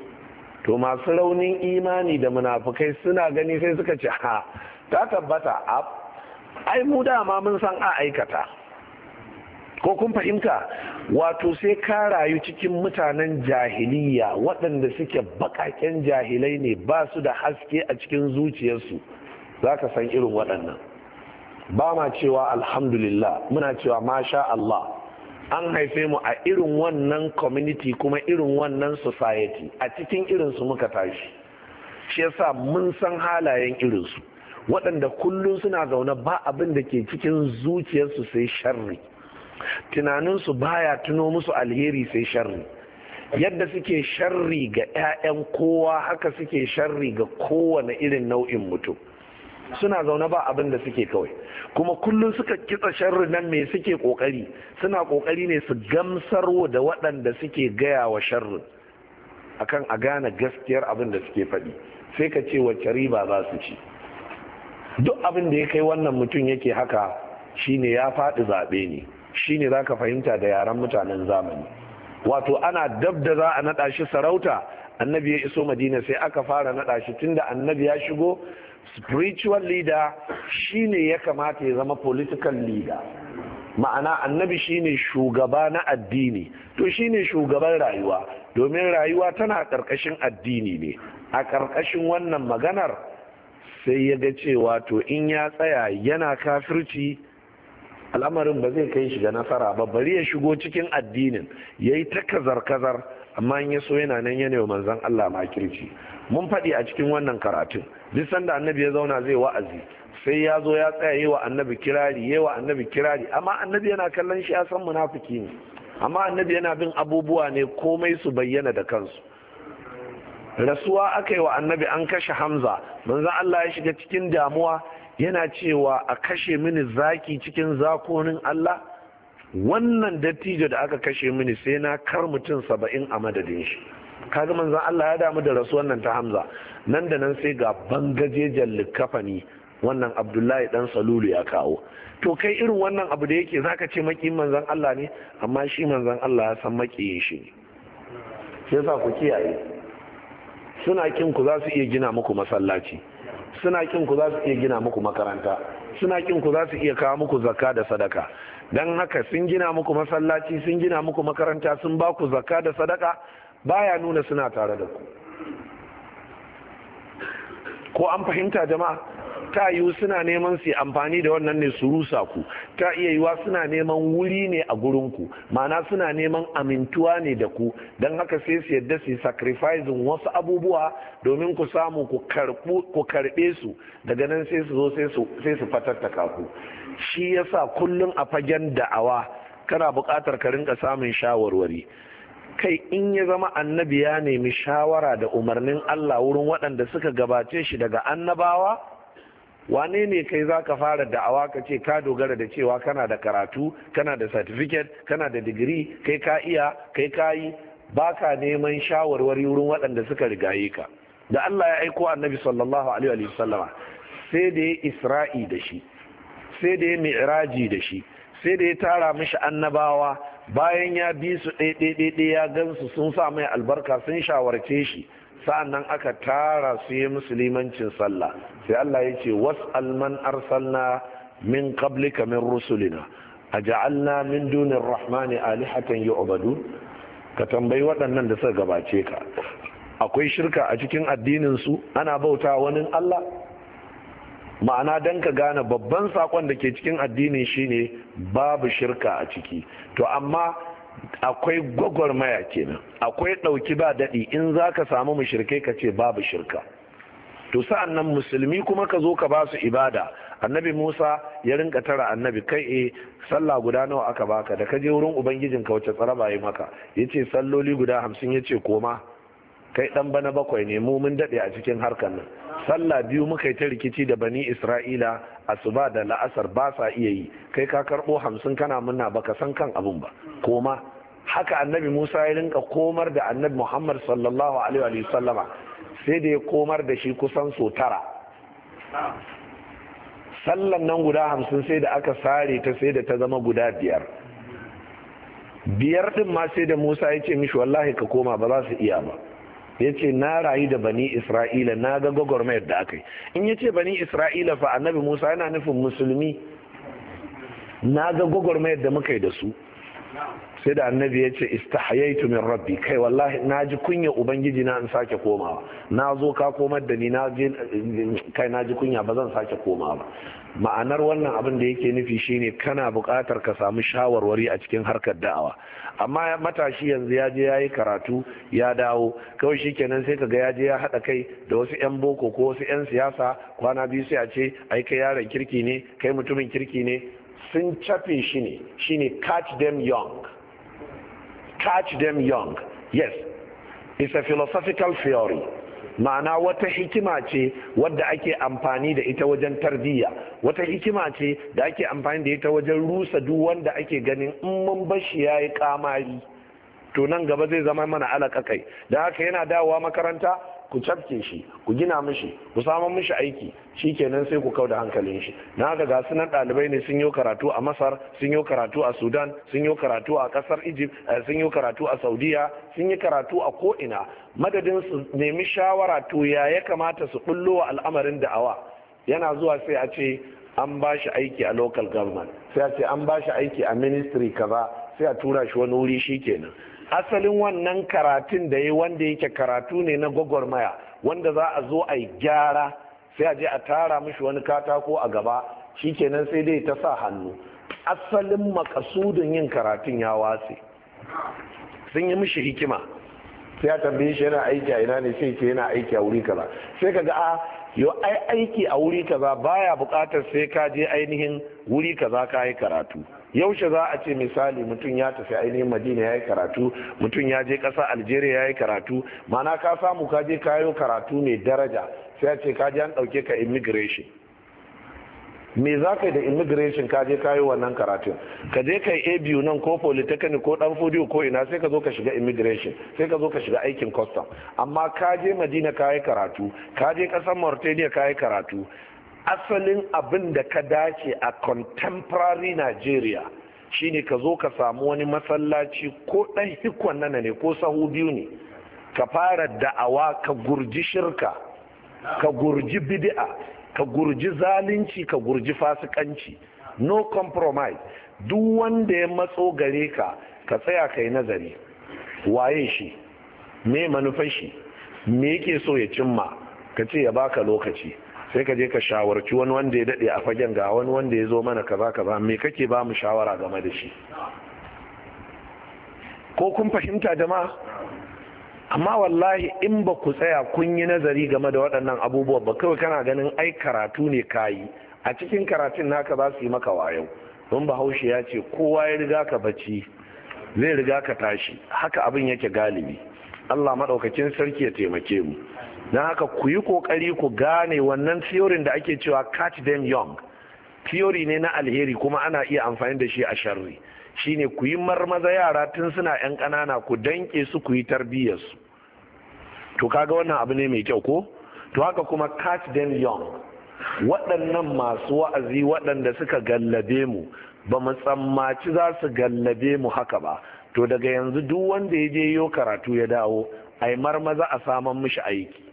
A: to masu raunin imani da munafukai suna gani sai suka ce ha ta tabbata ai mu dama mun san a aikata ko kun fahimta wato sai ka rayu cikin mutanen jahiliya waɗanda suke baƙaƙen jahilai ne ba su da haske a cikin zuciyarsu za ka san irin waɗannan ba ma cewa alhamdulillah muna cewa masha Allah an haife mu a irin wannan community kuma irin wannan society a cikin irinsu muka tashi shi yasa mun san halayen irinsu waɗanda kullum suna zaune ba abin da ke cikin zuciyarsu sai sharri tunaninsu baya tuno musu alheri sai sharri yadda suke sharri ga 'ya'yan kowa haka suke sharri ga kowane irin nau'in mutum suna zaune ba abin da suke kawai kuma kullum suka kitsa sharri nan mai suke kokari suna kokari ne su gamsarwa da waɗanda suke gaya wa sharrin akan a gane gaskiyar abin da suke faɗi sai ka ce wacce riba za su ci duk abin da ya kai wannan mutum yake haka shine ya faɗi zaɓe ne shine za ka fahimta da yaren mutanen zamani wato ana dab da za a naɗa shi sarauta annabi ya iso madina sai aka fara naɗa shi tunda annabi ya shigo spiritual leader shine ya kamata ya zama political leader ma'ana annabi shine shugaba na addini to shine shugaban rayuwa domin rayuwa tana ƙarƙashin addini ne a ƙarƙashin wannan maganar sai ya ga cewa to in ya tsaya yana kafirci al'amarin ba zai kai shi ga nasara ba bari ya shigo cikin addinin ya yi ta kazar-kazar amma in ya so yana nan yana wa manzan Allah makirci mun faɗi a cikin wannan karatun duk sanda annabi ya zauna zai wa'azi sai ya zo ya tsaya yi wa annabi kirari yi wa annabi kirari amma annabi yana kallon shi ya san munafiki ne amma annabi yana bin abubuwa ne komai su bayyana da kansu rasuwa aka yi wa annabi an kashe hamza manzan Allah ya shiga cikin damuwa yana cewa a kashe mini zaki cikin zakonin Allah wannan dattijo da aka kashe mini sai na kar mutum saba'in a madadin shi kaga manzon Allah ya damu da rasuwan nan ta Hamza nan da nan sai ga bangajejen likafani wannan Abdullahi dan Salulu ya kawo to kai irin wannan abu da yake zaka ce maki manzon Allah ne amma shi manzon Allah ya san makiyin shi ne sai ku kiyaye suna kin ku za su iya gina muku masallaci suna kin ku za su iya gina muku makaranta suna kin ku za su iya kawo muku zakka da sadaka dan haka sun gina muku masallaci sun gina muku makaranta sun ba ku zakka da sadaka baya nuna suna tare da ku ko an fahimta jama'a ta yiwu suna neman su amfani da wannan ne su rusa ku ta iya yiwa suna neman wuri ne a gurin ku ma'ana suna neman amintuwa ne da ku don haka sai su yadda su sacrificing wasu abubuwa domin ku samu ku karbe su daga nan sai su zo sai su fatattaka ku shi yasa kullum a fagen da'awa kana buƙatar ka rinka samun shawarwari kai in ya zama annabi ya nemi shawara da umarnin Allah wurin waɗanda suka gabace shi daga annabawa wane ne kai za ka fara da'awa ka ce ka dogara da cewa kana da karatu kana da certificate kana da digiri kai ka iya kai ka yi ba ka neman shawarwari wurin waɗanda suka rigaye ka da Allah ya aiko annabi sallallahu alaihi wasallama sai da ya isra'i da shi sai da ya mi'raji da shi sai da ya tara mishi annabawa bayan ya bi su ɗaiɗaiɗaiɗai ya gan su sun sa mai albarka sun shawarce shi sa'annan aka tara su yi musulmancin sallah sai Allah ya ce was'al man arsalna min qablika min rusulina ja'alna min dunin rahmani alihatan obadu ka tambayi waɗannan da suka gabace ka akwai shirka a cikin addinin su ana bauta wani Allah ma'ana don ka gane babban sakon da ke cikin addini shine babu shirka a ciki to amma akwai gwagwarmaya kenan akwai ɗauki ba daɗi in za ka samu mushirkai ka ce babu shirka to sa'an nan musulmi kuma ka zo ka ba su ibada annabi musa ya rinka tara annabi kai e sallah guda nawa aka baka da ka je wurin ubangijinka wacce tsaraba yi maka ya ce salloli guda hamsin ya ce koma kai ɗan bana bakwai ne mu mun daɗe a cikin harkar nan sallah biyu muka yi ta rikici da bani isra'ila asuba da la'asar ba sa iya yi kai ka karɓo hamsin kana munna baka san kan abun ba koma haka annabi musa ya rinka komar da annabi muhammad sallallahu alaihi wa sallama sai da ya komar da shi kusan so tara sallan nan guda hamsin sai da aka sare ta sai da ta zama guda biyar biyar din ma sai da musa ya ce mishi wallahi ka koma ba za su iya ba ya ce na rayu da bani isra'ila na ga gwagwarmayar da aka yi in ya ce bani isra'ila fa annabi musa yana nufin musulmi na ga gwagwarmayar da muka yi da su sai da annabi ya ce istahyaitu min rabbi kai wallahi na ji kunya ubangiji na in sake komawa na zo ka komar da ni na je kai na ji kunya ba zan sake koma ba ma'anar wannan abin da yake nufi shine kana buƙatar ka samu shawarwari a cikin harkar da'awa amma matashi yanzu ya je ya yi karatu ya dawo kawai kenan sai ka ga ya je ya haɗa kai da wasu 'yan boko ko wasu 'yan siyasa kwana biyu sai a ce ai kai yaron kirki ne kai mutumin kirki ne sun cafe shi ne shine catch them young catch them young yes it's a philosophical theory ma'ana wata hikima ce wadda ake amfani da ita wajen tarbiyya wata hikima ce da ake amfani da ita wajen rusa duk wanda ake ganin in mun bashi yayi kamari to nan gaba zai zama mana alaka kai da haka yana dawowa makaranta ku cafke shi ku gina mishi ku samun mishi aiki shi kenan sai ku kau da hankalin shi na ga ga sunan ɗalibai ne sun yi karatu a masar sun yi karatu a sudan sun yi karatu a ƙasar egypt eh, sun yi karatu a saudiya sun yi karatu a ko'ina madadin su nemi shawara to ya ya kamata su ɓullo wa al'amarin da'awa yana zuwa sai a ce an ba shi aiki a local government sai a ce an ba shi aiki a ministry kaza sai a tura shi wani wuri shi kenan asalin wannan karatun da ya wanda yake karatu ne na gwagwarmaya wanda za a zo a yi gyara sai a je a tara mishi wani katako a gaba shi shikenan sai dai ta sa hannu asalin makasudin yin karatun ya watse sun yi mishi hikima sai ya tambaye shi yana aiki a ina ne sai ke yana aiki a wuri kaza sai ka ga a yo ai aiki a wuri kaza baya bukatar sai ka je ainihin wuri kaza ka yi karatu yaushe za a ce misali mutum ya tafi ainihin madina ya yi karatu mutum ya je ƙasa algeria ya yi karatu mana ka samu ka je kayo karatu mai daraja sai a ce ka je an ɗauke ka immigration me za ka yi da immigration ka je kayo wannan karatun ka je ka yi abu nan ko polytechnic ko dan fodiyo ko ina sai ka zo ka shiga immigration sai ka zo ka shiga aikin custom amma ka je madina ka yi karatu ka je kasar mauritania ka yi karatu asalin abin da ka dace a contemporary nigeria shine ka zo ka samu wani masallaci ko ɗan hikon nana ne ko sahu biyu ne ka fara da'awa ka gurji shirka ka gurji bid'a ka gurji zalunci ka gurji fasikanci no compromise duk wanda ya matso gare ka ka tsaya ka yi nazari waye shi me manufashi shi me yake so ya cimma ka ce ya baka lokaci sai ka je ka shawarci wani wanda ya daɗe a fagen ga wani wanda ya zo mana kaza kaza me kake ba mu shawara game da shi ko kun fahimta jama'a amma wallahi in ba ku tsaya kun yi nazari game da waɗannan abubuwa ba kawai kana ganin ai karatu ne kayi a cikin karatun naka za su yi maka wayo don bahaushe ya ce kowa ya riga ka bacci zai riga ka tashi haka abin yake galibi allah maɗaukakin sarki ya taimake mu don haka ku yi kokari ku gane wannan theory da ake cewa catch them young theory ne na alheri kuma ana iya amfani da shi a sharri shine ku yi marmaza yara tun suna yan ƙanana ku danke su ku yi tarbiyyarsu to kaga wannan abu ne mai kyau ko to haka kuma catch them young waɗannan masu wa'azi waɗanda suka gallabe mu ba mu tsammaci za su gallabe mu haka ba to daga yanzu duk wanda ya je yo karatu ya dawo ai marmaza a saman mishi aiki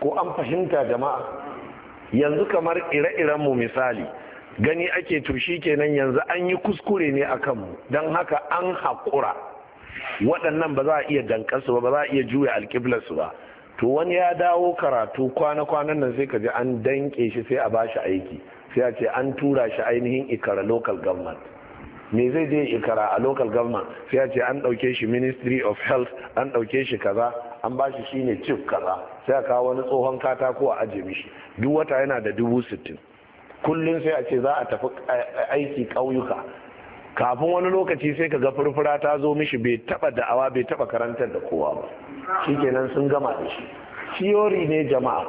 A: ko an fahimta jama'a yanzu kamar ire-iren mu misali gani ake to kenan yanzu an yi kuskure ne a kanmu don haka an haƙura waɗannan ba za a iya dankansu ba ba za a iya juya alƙiblarsu ba to wani ya dawo karatu kwana-kwanan nan sai ka ji an danƙe shi sai a ba shi aiki sai a ce an tura shi ainihin ikara local government me zai je ikara a local government sai a ce an ɗauke shi ministry of health an ɗauke shi kaza an ba shi shine chief kaza sai a kawo wani tsohon katako a aje mishi duk wata yana da dubu sittin kullum sai a ce za a tafi aiki ƙauyuka kafin wani lokaci sai ka ga furfura ta zo mishi bai taba da'awa bai taba karantar da kowa ba shikenan sun gama da shi Siyori ne jama'a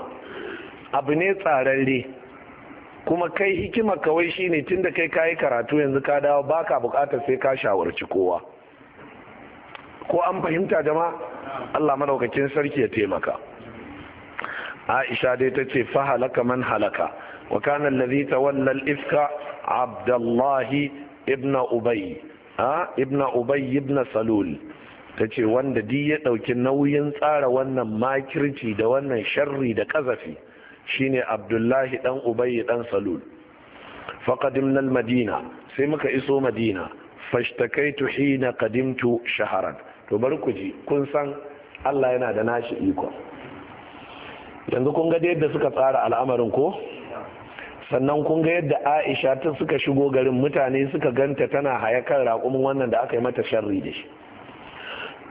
A: abu ne tsararre kuma kai hikima kawai shine tunda kai kayi karatu yanzu ka dawo baka bukatar sai ka shawarci kowa ko an fahimta jama'a Allah madaukakin sarki ya taimaka Aisha dai ta ce fa halaka man halaka wa kana allazi tawalla al-ifka Abdullah ibn Ubay ha ibn Ubay ibn Salul ta ce wanda di ya dauki nauyin tsara wannan makirci da wannan sharri da kazafi shine abdullahi dan ubayy dan salul faqadimna madina sai muka iso madina fashtakaitu hina qadimtu shaharan to bari ku ji kun san Allah yana da nashi iko yanzu kun ga yadda suka tsara al'amarin ko sannan kun ga yadda Aisha ta suka shigo garin mutane suka ganta tana hayakan raƙumin wannan da aka yi mata sharri da shi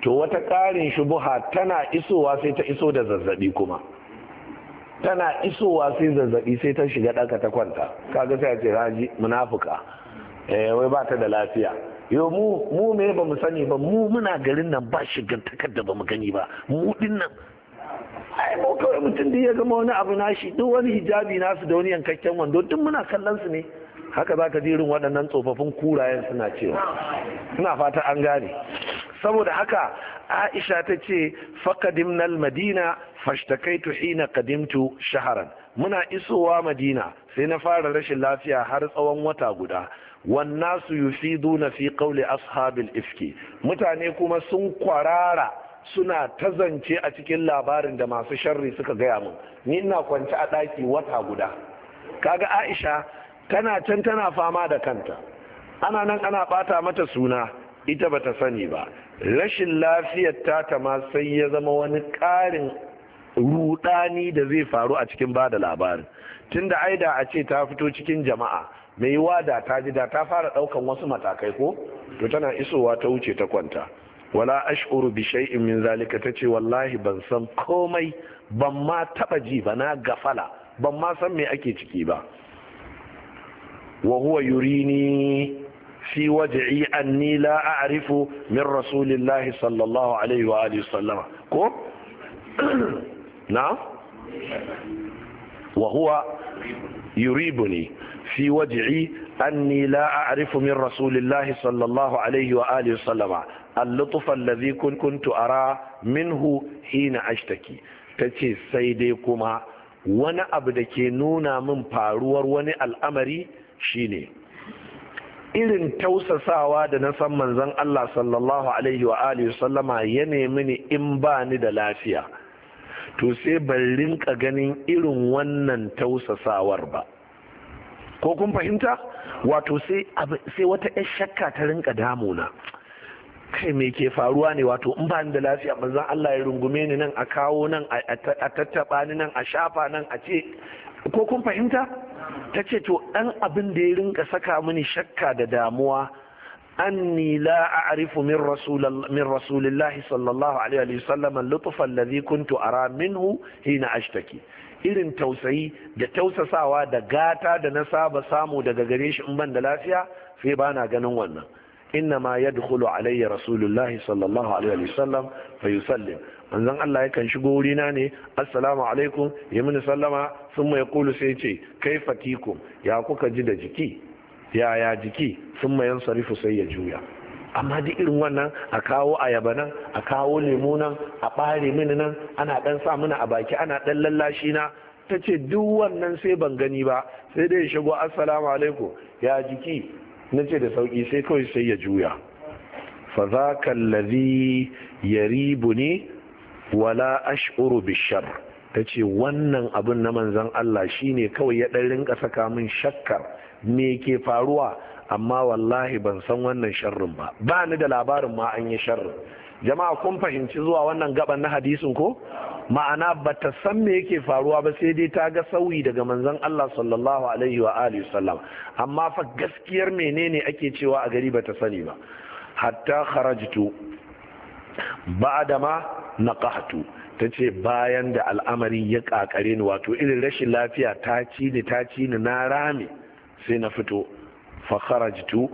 A: to wata ƙarin shubuha tana isowa sai ta iso da zazzabi kuma tana isowa sai zazzabi sai ta shiga ɗanka ta kwanta kaga sai ce haji munafuka eh wai ba ta da lafiya yo mu mu me ba mu sani ba mu muna garin nan ba shigan takarda ba mu gani ba mu din nan ai mu kawai mutum da ya gama wani abu nashi duk wani hijabi nasu da wani yankakken wando duk muna kallon su ne haka za ka irin waɗannan tsofaffin kurayen suna cewa suna fata an gane saboda haka aisha ta ce fakadimnal madina fashtakaitu hina Kadimtu shaharan muna isowa madina sai na fara rashin lafiya har tsawon wata guda wannasu yufiduna fi qawli ashabil ifki mutane kuma sun kwarara suna ta zance a cikin labarin da masu sharri suka gaya mun. ni ina kwance a ɗaki wata guda kaga aisha tana can tana fama da kanta ana nan ana ɓata mata suna ita bata sani ba rashin lafiyar ta ta ma sai ya zama wani ƙarin rudani da zai faru a cikin ba da labarin tunda aida a ce ta fito cikin jama'a mai wada da ta ji da ta fara daukan wasu matakai ko to tana isowa ta wuce ta kwanta wala ash'uru bi shay'in min zalika tace wallahi ban san komai ban ma taba ji ba na gafala ban ma san me ake ciki ba wa huwa yurini fi waj'i anni la a'rifu min rasulillahi sallallahu alaihi wa alihi sallama ko na wa huwa yuribuni fi waj'i anni la a'rifu min rasulillahi sallallahu alaihi wa alihi wa sallama al-lutfa kuntu ara minhu hina ashtaki tace sai dai kuma wani abu da ke nuna min faruwar wani al'amari shine irin tausasawa da na san manzon Allah sallallahu alaihi wa alihi sallama ya nemi ni in ba ni da lafiya to sai ban rinka ganin irin wannan tausasawar ba ko kun fahimta wato sai wata 'yar shakka ta rinka damuna kai me ke faruwa ne wato in ba da lafiya manzon Allah ya rungume ni nan a kawo nan a tattaba ni nan a shafa nan a ce ko kun fahimta ta ce to ɗan abin da ya rinka saka mini shakka da damuwa أني لا أعرف من رسول من رسول الله صلى الله عليه وسلم اللطف الذي كنت أرى منه حين أشتكي irin tausayi da tausasawa da gata da na saba samu daga gare shi in ban da lafiya sai ba na ganin wannan inna ma yadkhulu alayya rasulullah sallallahu alaihi wasallam fa yusallim manzon Allah yakan shigo wurina ne assalamu alaikum ya mini sallama sun mai kulu sai ce fati tikum ya kuka ji da jiki yaya jiki sun mayan sarifu sai ya juya amma duk irin wannan a kawo ayaba nan a kawo lemu nan a ɓare mini nan ana ɗan sa mini a baki ana ɗan lallashi na ta ce duk wannan sai ban gani ba sai dai shigo assalamu alaikum ya jiki na ce da sauki sai kawai sai ya juya fa za kallazi yaribu ne wala ash'uru bishar ta ce wannan abin na manzan Allah shine kawai ya ɗan rinka saka min shakkar me ke faruwa amma wallahi ban san wannan sharrin ba ba ni da labarin ma an yi sharrin jama'a kun fahimci zuwa wannan gaban na hadisin ko ma'ana ba ta san me yake faruwa ba sai dai ta ga sauyi daga manzon Allah sallallahu alaihi wa alihi sallam amma fa gaskiyar menene ake cewa a gari ba ta sani ba hatta kharajtu ba'da ma naqahtu ta ce bayan da al'amari ya kakare ni wato irin rashin lafiya ta ci ni ta ci ni na rame sai na fito fakharajtu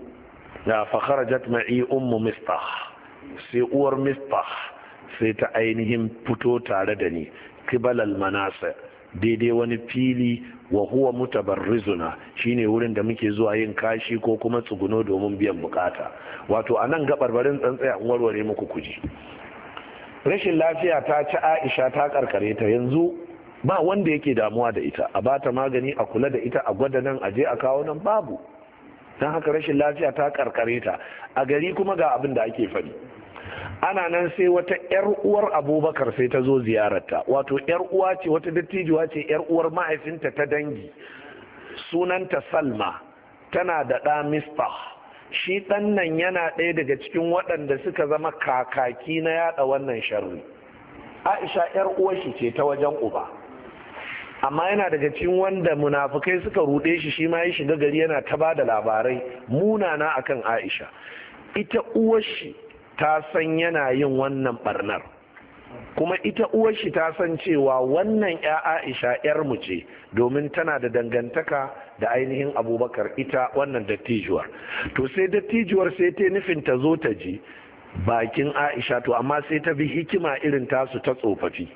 A: ya fakharajat ma'i ummu mistah sai uwar mistah sai ta ainihin fito tare da ni kibalal manasa daidai wani fili wa huwa mutabarrizuna shine wurin da muke zuwa yin kashi ko kuma tsuguno domin biyan bukata wato a nan gabarbarin tsantsaya an warware muku kuji rashin lafiya ta ci aisha ta karkare ta yanzu ba wanda yake damuwa da ita a bata magani a kula da ita a gwada nan a je a kawo nan babu don haka rashin lafiya ta karkare ta a gari kuma ga abin da ake faɗi ana nan sai wata yar uwar abubakar sai ta zo ziyararta wato yar uwa ce wata dattijuwa ce yar uwar mahaifinta ta dangi sunanta salma tana da ɗa mistah shi ɗan nan yana ɗaya daga cikin waɗanda suka zama kakaki na yaɗa wannan sharri aisha yar uwar shi ce ta wajen uba amma yana daga cikin wanda munafukai suka rude shi shi ma ya shiga gari yana ta ba da labarai munana akan aisha ita uwashi ta san yana yin wannan barnar kuma ita uwashi ta san cewa wannan ya aisha yar mu ce domin tana da dangantaka da ainihin abubakar ita wannan dattijuwar to sai dattijuwar sai ta nufin ta zo ta ji bakin aisha to amma sai ta bi hikima irin tasu ta tsofaffi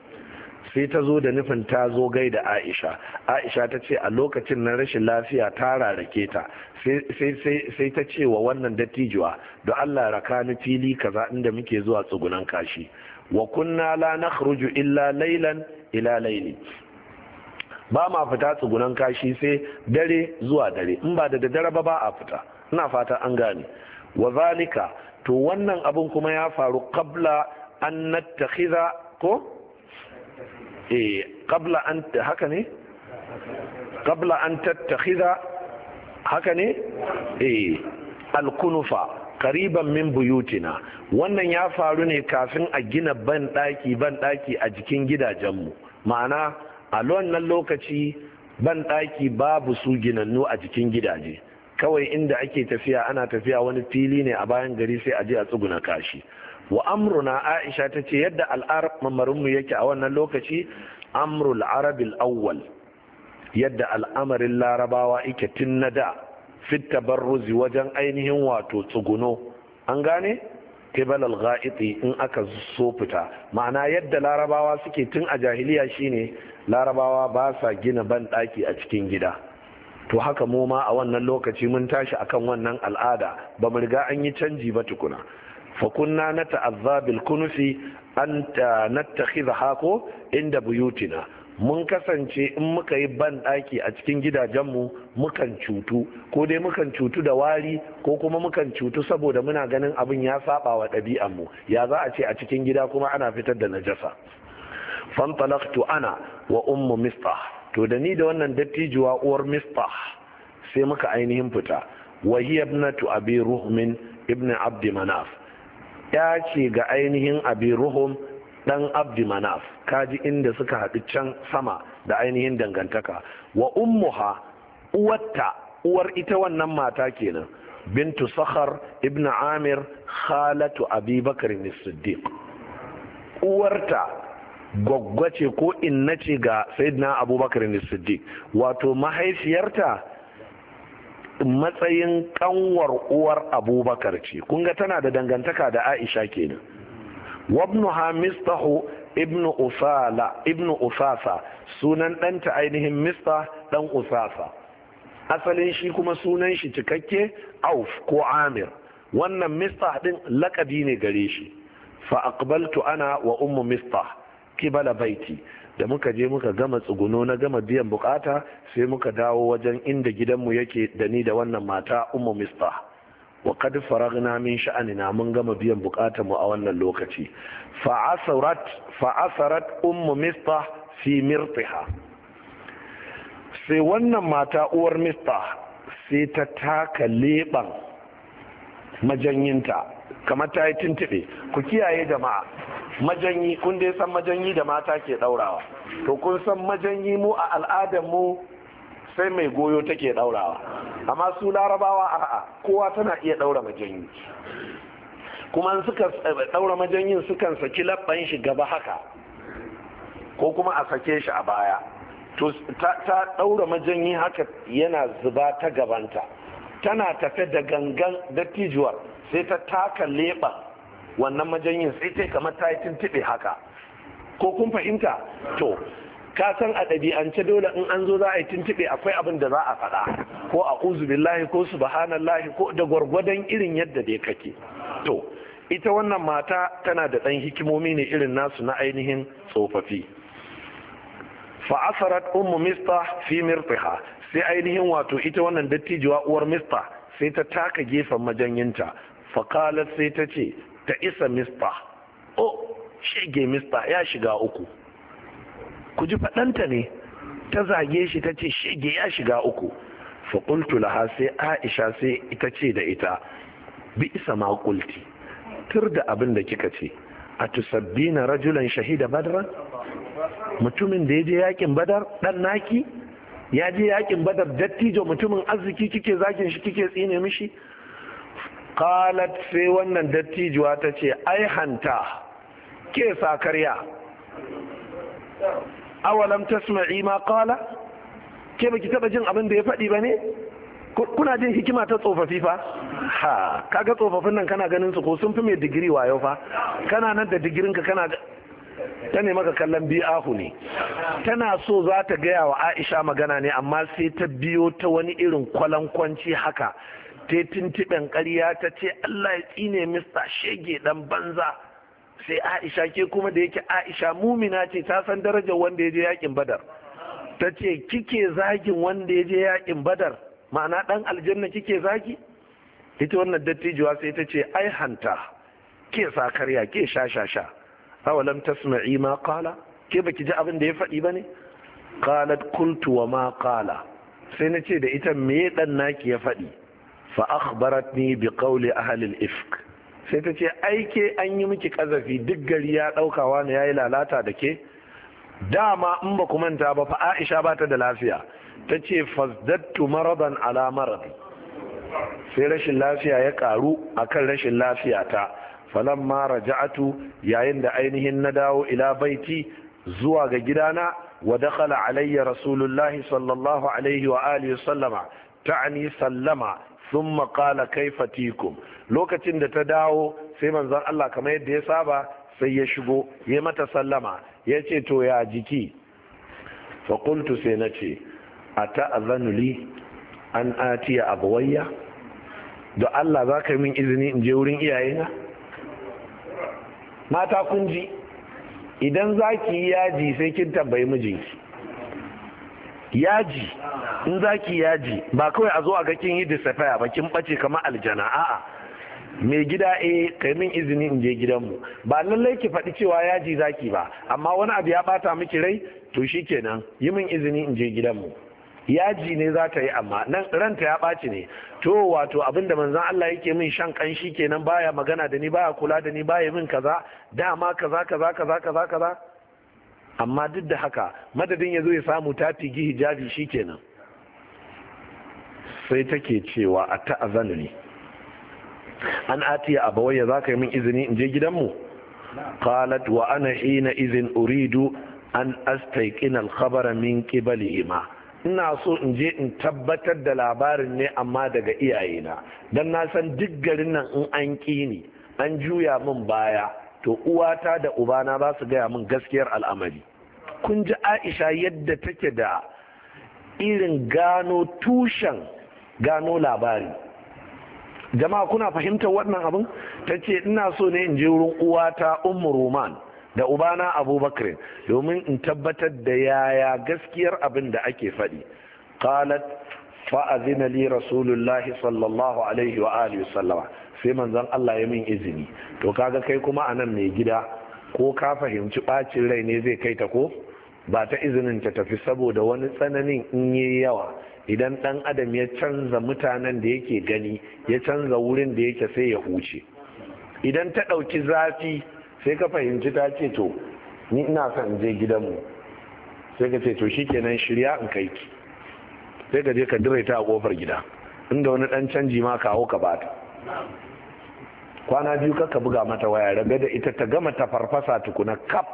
A: sai ta zo da nufin ta zo gai da aisha aisha ta ce a lokacin na rashin lafiya ta rarake ta sai ta ce wa wannan dattijuwa da allah raka ni fili kaza inda muke zuwa tsugunan kashi wa kunna la nakhruju illa laylan ila layli ba ma fita tsugunan kashi sai dare zuwa dare in ba da daddare ba ba a fita ina fata an gane wa zalika to wannan abun kuma ya faru qabla an nattakhiza ko eh qabla an haka ne qabla an tattakhidha haka ne eh alkunufa kariban min buyutina wannan ya faru ne kafin a gina ban daki ban daki a jikin gidajenmu ma'ana a wannan lokaci ban daki babu su ginannu a jikin gidaje kawai inda ake tafiya ana tafiya wani fili ne a bayan gari sai a je a tsuguna kashi wa amruna aisha ta ce yadda al'arab mamarinmu yake a wannan lokaci amrul arabil awwal yadda al'amarin larabawa ike tun na da fit tabarruzi wajen ainihin wato tsuguno an gane kibal al in aka so fita ma'ana yadda larabawa suke tun a jahiliya shine larabawa ba sa gina ban a cikin gida to haka mu ma a wannan lokaci mun tashi akan wannan al'ada ba mu riga an yi canji ba tukuna fakunna na ta'azzabil kunusi an كو hako inda mun kasance in muka yi ban ɗaki a cikin gidajenmu mukan cutu ko dai mukan cutu da wari ko kuma mukan cutu saboda muna ganin abin ya saba wa ɗabi'anmu ya za a ce a cikin gida kuma ana fitar da najasa fantalaktu ana wa ummu mistah to da ni da wannan dattijuwa uwar mistah sai muka ainihin fita wa hiya ibnatu abi ruhmin ibn abdi manaf ya ce ga ainihin abiruhum ruhum dan abdi manaf kaji inda suka haɗu can sama da ainihin dangantaka wa ummuha uwarta uwar ita wannan mata kenan bintu sakhar ibn amir khalatu abi bakar siddiq uwarta gwaggwace ko inna ce ga sayyidina abubakar siddiq wato mahaifiyarta matsayin kanwar uwar abubakar ce kunga tana da dangantaka da aisha kenan wabnu ha ibnu usala ibnu usasa sunan ɗanta ainihin mista ɗan usasa asalin shi kuma sunan shi cikakke auf ko amir wannan mista ɗin lakabi ne gare shi fa aqbaltu ana wa ummu mista kibala baiti da muka je muka gama tsuguno na gama biyan bukata sai muka dawo wajen inda gidanmu yake da ni da wannan mata umu mista wa kad faragna min sha'anina mun gama biyan mu a wannan lokaci fa asarat fa asarat mista fi mirtiha sai wannan mata uwar mista sai ta taka leban majanyinta kamar ta yi tuntube ku kiyaye jama'a majanyi kun dai san majanyi da mata ke daurawa to kun san majanyi mu a al'adar mu sai mai goyo take daurawa amma su larabawa a a kowa tana iya daura majanyi kuma suka daura eh, majanyin sukan saki labban shi gaba haka ko kuma a sake shi a baya to ta daura majanyi haka yana zuba ta gabanta tana tafe da gangan dattijuwar sai ta taka leɓa wannan majanyin sai ta kamar ta yi tuntuɓe haka ko kun fahimta to ka san a ɗabi'ance dole in an zo za a yi tuntuɓe akwai abin da za a faɗa ko a uzubillahi ko subhanallahi ko da gwargwadon irin yadda dai kake to ita wannan mata tana da ɗan hikimomi ne irin nasu na ainihin tsofaffi fa'asarat ummu mista fi mirtiha sai ainihin wato ita wannan dattijuwa uwar mista sai ta taka gefen majanyinta faƙalar sai ta ce ta isa mista o shege mista ya shiga uku ku ji faɗanta ne ta zage shi ta ce shege ya shiga uku faƙuntu laha sai aisha sai ita ce da ita bi isa maƙulti tur da abin da kika ce a tusabbina rajulan shahida badran mutumin da ya je yakin badar ɗan naki ya je yakin badar dattijo mutumin arziki kike zakin shi kike tsine mishi qalat sai wannan dattijuwa ta ce ai hanta ke karya awalam tasma'i ma qala ke baki taba jin abin da ya faɗi ba ne kuna jin hikima ta tsofaffi fa ha kaga tsofaffin nan kana ganin su ko sun fi mai digiri wayo fa kana nan da digirin ka kana ta ne maka kallon bi'ahu ne tana so za ta gaya wa aisha magana ne amma sai ta biyo ta wani irin kwalankwanci haka ta tintiɓen ƙarya ta ce Allah ya tsine mista shege ɗan banza sai Aisha ke kuma da yake Aisha mumina ce ta san darajar wanda ya je yakin badar ta ce kike zagin wanda ya je yakin badar ma'ana ɗan aljanna kike zagi ita wannan dattijuwa sai ta ce ai hanta ke sa karya ke sha sha sha tasma'i ma qala ke baki ji abin da ya faɗi ba ne? kala kultuwa ma qala sai na ce da ita me ɗan naki ya faɗi fa ni bi qawli ahli al-ifk sai ta ce aike an yi miki kazafi duk gari ya daukawa ne yayi lalata da ke dama in ba ku manta ba fa Aisha ba ta da lafiya ta ce fazdattu maradan ala marad sai rashin lafiya ya karu akan rashin lafiya ta ma raja'atu yayin da ainihin na dawo ila baiti zuwa ga gidana wa dakhala alayya rasulullahi sallallahu alaihi wa alihi sallama ta'ani sallama sun makala kai fatikum lokacin da ta dawo sai manzon Allah kamar yadda ya saba sai ya shigo ya mata sallama ya ce to ya jiki faƙuntu sai na ce a ta'azanuli an atiya abuwayya da Allah za ka min izini in je wurin iyayena mata kun ji idan za ki yi yaji sai kin tambayi mijinki yaji in zaki yaji ba kawai a zo a gakin kin yi safaya ba kin bace kamar aljana a'a mai gida e kai min izini in je gidanmu ba lallai ki faɗi cewa yaji zaki ba amma wani abu ya bata miki rai to shikenan yi min izini in je gidanmu yaji ne za ta yi amma nan ranta ya ɓaci ne to wato abinda manzon Allah yake min shan kanshi kenan baya magana da ni baya kula da ni baya min kaza dama kaza kaza kaza kaza kaza amma duk da haka madadin ya zo ya samu ta jabi shi kenan sai take cewa a ta'azanu ne an atiya a za ka yi min izini in je gidanmu qalat wa ana hina izin uridu an astaiqina al-khabara min qibali ima ina so in je in tabbatar da labarin ne amma daga iyayena dan na san duk garin nan in an ƙini ni an juya min baya to uwata da ubana ba su gaya min gaskiyar al'amari kun ji aisha yadda take da irin gano tushen gano labari jama'a kuna fahimtar wannan abin ta ce ina so ne in je wurin uwata ummu roman da ubana abubakar domin in tabbatar da yaya gaskiyar abin da ake faɗi qalat fa'azina li rasulullahi sallallahu alaihi wa alihi sallama sai manzon Allah ya min izini to kaga kai kuma anan mai gida ko ka fahimci bacin rai ne zai kai ta ko ba ta izinin ta tafi saboda wani tsananin in yi yawa idan dan adam ya canza mutanen da yake gani ya canza wurin da yake sai ya huce idan ta dauki zafi sai ka fahimci ta ce to ni ina son je gidanmu sai ka ce to shikenan shirya in kai ki sai ka je ka direta a kofar gida inda wani dan canji ma kawo ka bata kwana biyu kaka buga mata waya rabe da ita ta gama ta farfasa tukuna kap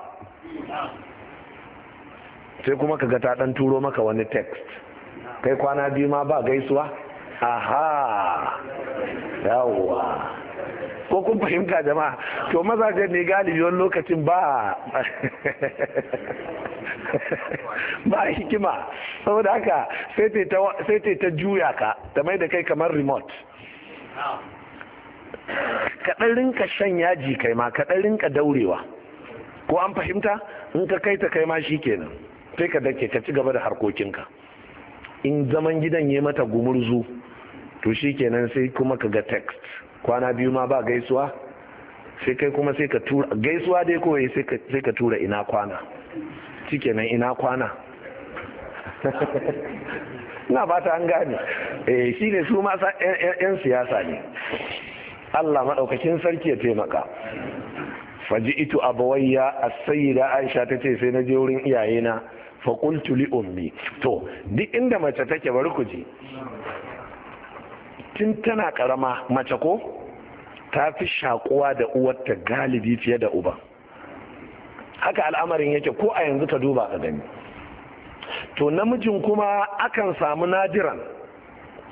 A: sai kuma ka ga ta dan turo maka wani text kai kwana biyu ma ba gaisuwa aha yawwa ko kun fahimta jama'a to mazajen ne galibi wani lokacin ba ba hikima saboda haka sai ta juya ka ta mai da kai kamar remote ka rinka shan yaji kai ma ka rinka daurewa ko an fahimta in ka kai ta kai ma shi kenan sai ka dake ka ci gaba da harkokinka in zaman gidan ya mata gumurzu to shi kenan sai kuma ka ga text kwana biyu ma ba gaisuwa sai kai kuma sai ka tura gaisuwa dai kawai sai ka tura ina kwana shi kenan ina kwana na ba ta an gane eh shi ne su masa yan siyasa ne Allah maɗaukakin sarki ya taimaka faji ito abawayya a da aisha ta ce sai na je wurin iyayena faƙuntuli li ummi to duk inda mace take bari ku je, tun tana ƙarama mace ko ta fi shakuwa da uwarta galibi fiye da uba haka al'amarin yake ko a yanzu ka duba ka gani to namijin kuma akan samu nadiran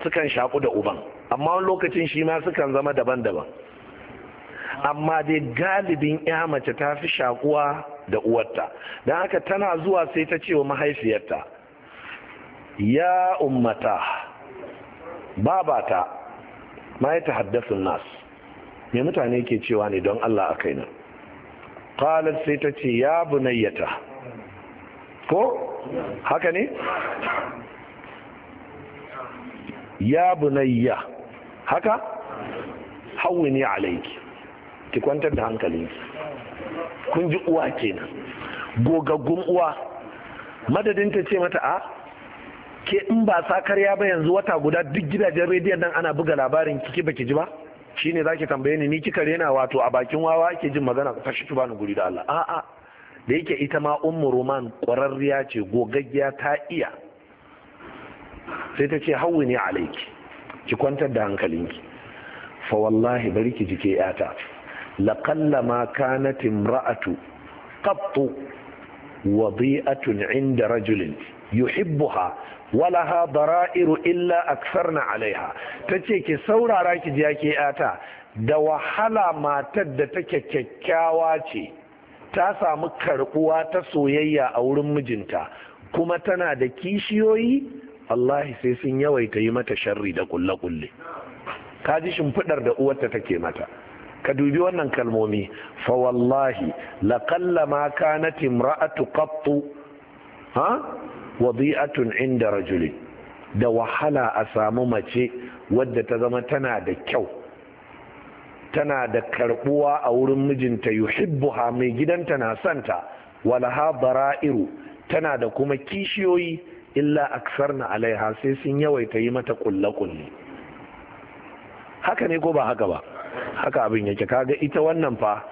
A: sukan shaƙu da uban amma wani lokacin shi ma sukan zama daban-daban amma dai galibin ya mace ta fi shakuwa da uwarta don haka tana zuwa sai ta ce wa mahaifiyarta ya ummata babata ma ya ta nas me mutane ke cewa ne don Allah a kai nan kwalar sai ta ce ya bunayyata ko haka ne ya bunayya haka hawwini alaiki ki kwantar da hankalinki kun ji uwa kenan gogaggun uwa madadin ta ce mata a ke in ba sa karya ba yanzu wata guda duk gidajen rediyon nan ana buga labarin kiki baki ji ba shine zaki tambaye ni ni kika rena wato a bakin wawa ake jin magana ka shi bani guri da Allah a'a da yake ita ma ummu roman kwararriya ce gogaggiya ta iya sai ta ce ne alaiki ki kwantar da hankalinki fa wallahi bari ki jike yata laqalla ma kanat imra'atu qattu wadi'atun 'inda rajulin yuhibbuha walaha bara'iru illa aksarna alaiha tace ki saurara ki ji yake yata da wahala matar da take kyakkyawa ce ta samu karɓuwa ta soyayya a wurin mijinta kuma tana da kishiyoyi wallahi sai sun yawaita yi mata sharri da kulle-kulle ka ji shimfiɗar da uwarta take mata ka dubi wannan kalmomi fa wallahi kalla ma kanat imra'atu qattu ha wadi'atun inda rajuli da wahala a samu mace wadda ta zama tana da kyau tana da karbuwa a wurin mijinta yuhibbuha mai gidanta na santa walaha bara'iru tana da kuma kishiyoyi illa aksar aksarna alaiha sai sun yawaita yi mata kulle-kulle haka ne ko ba haka ba haka abin yake kaga ita wannan fa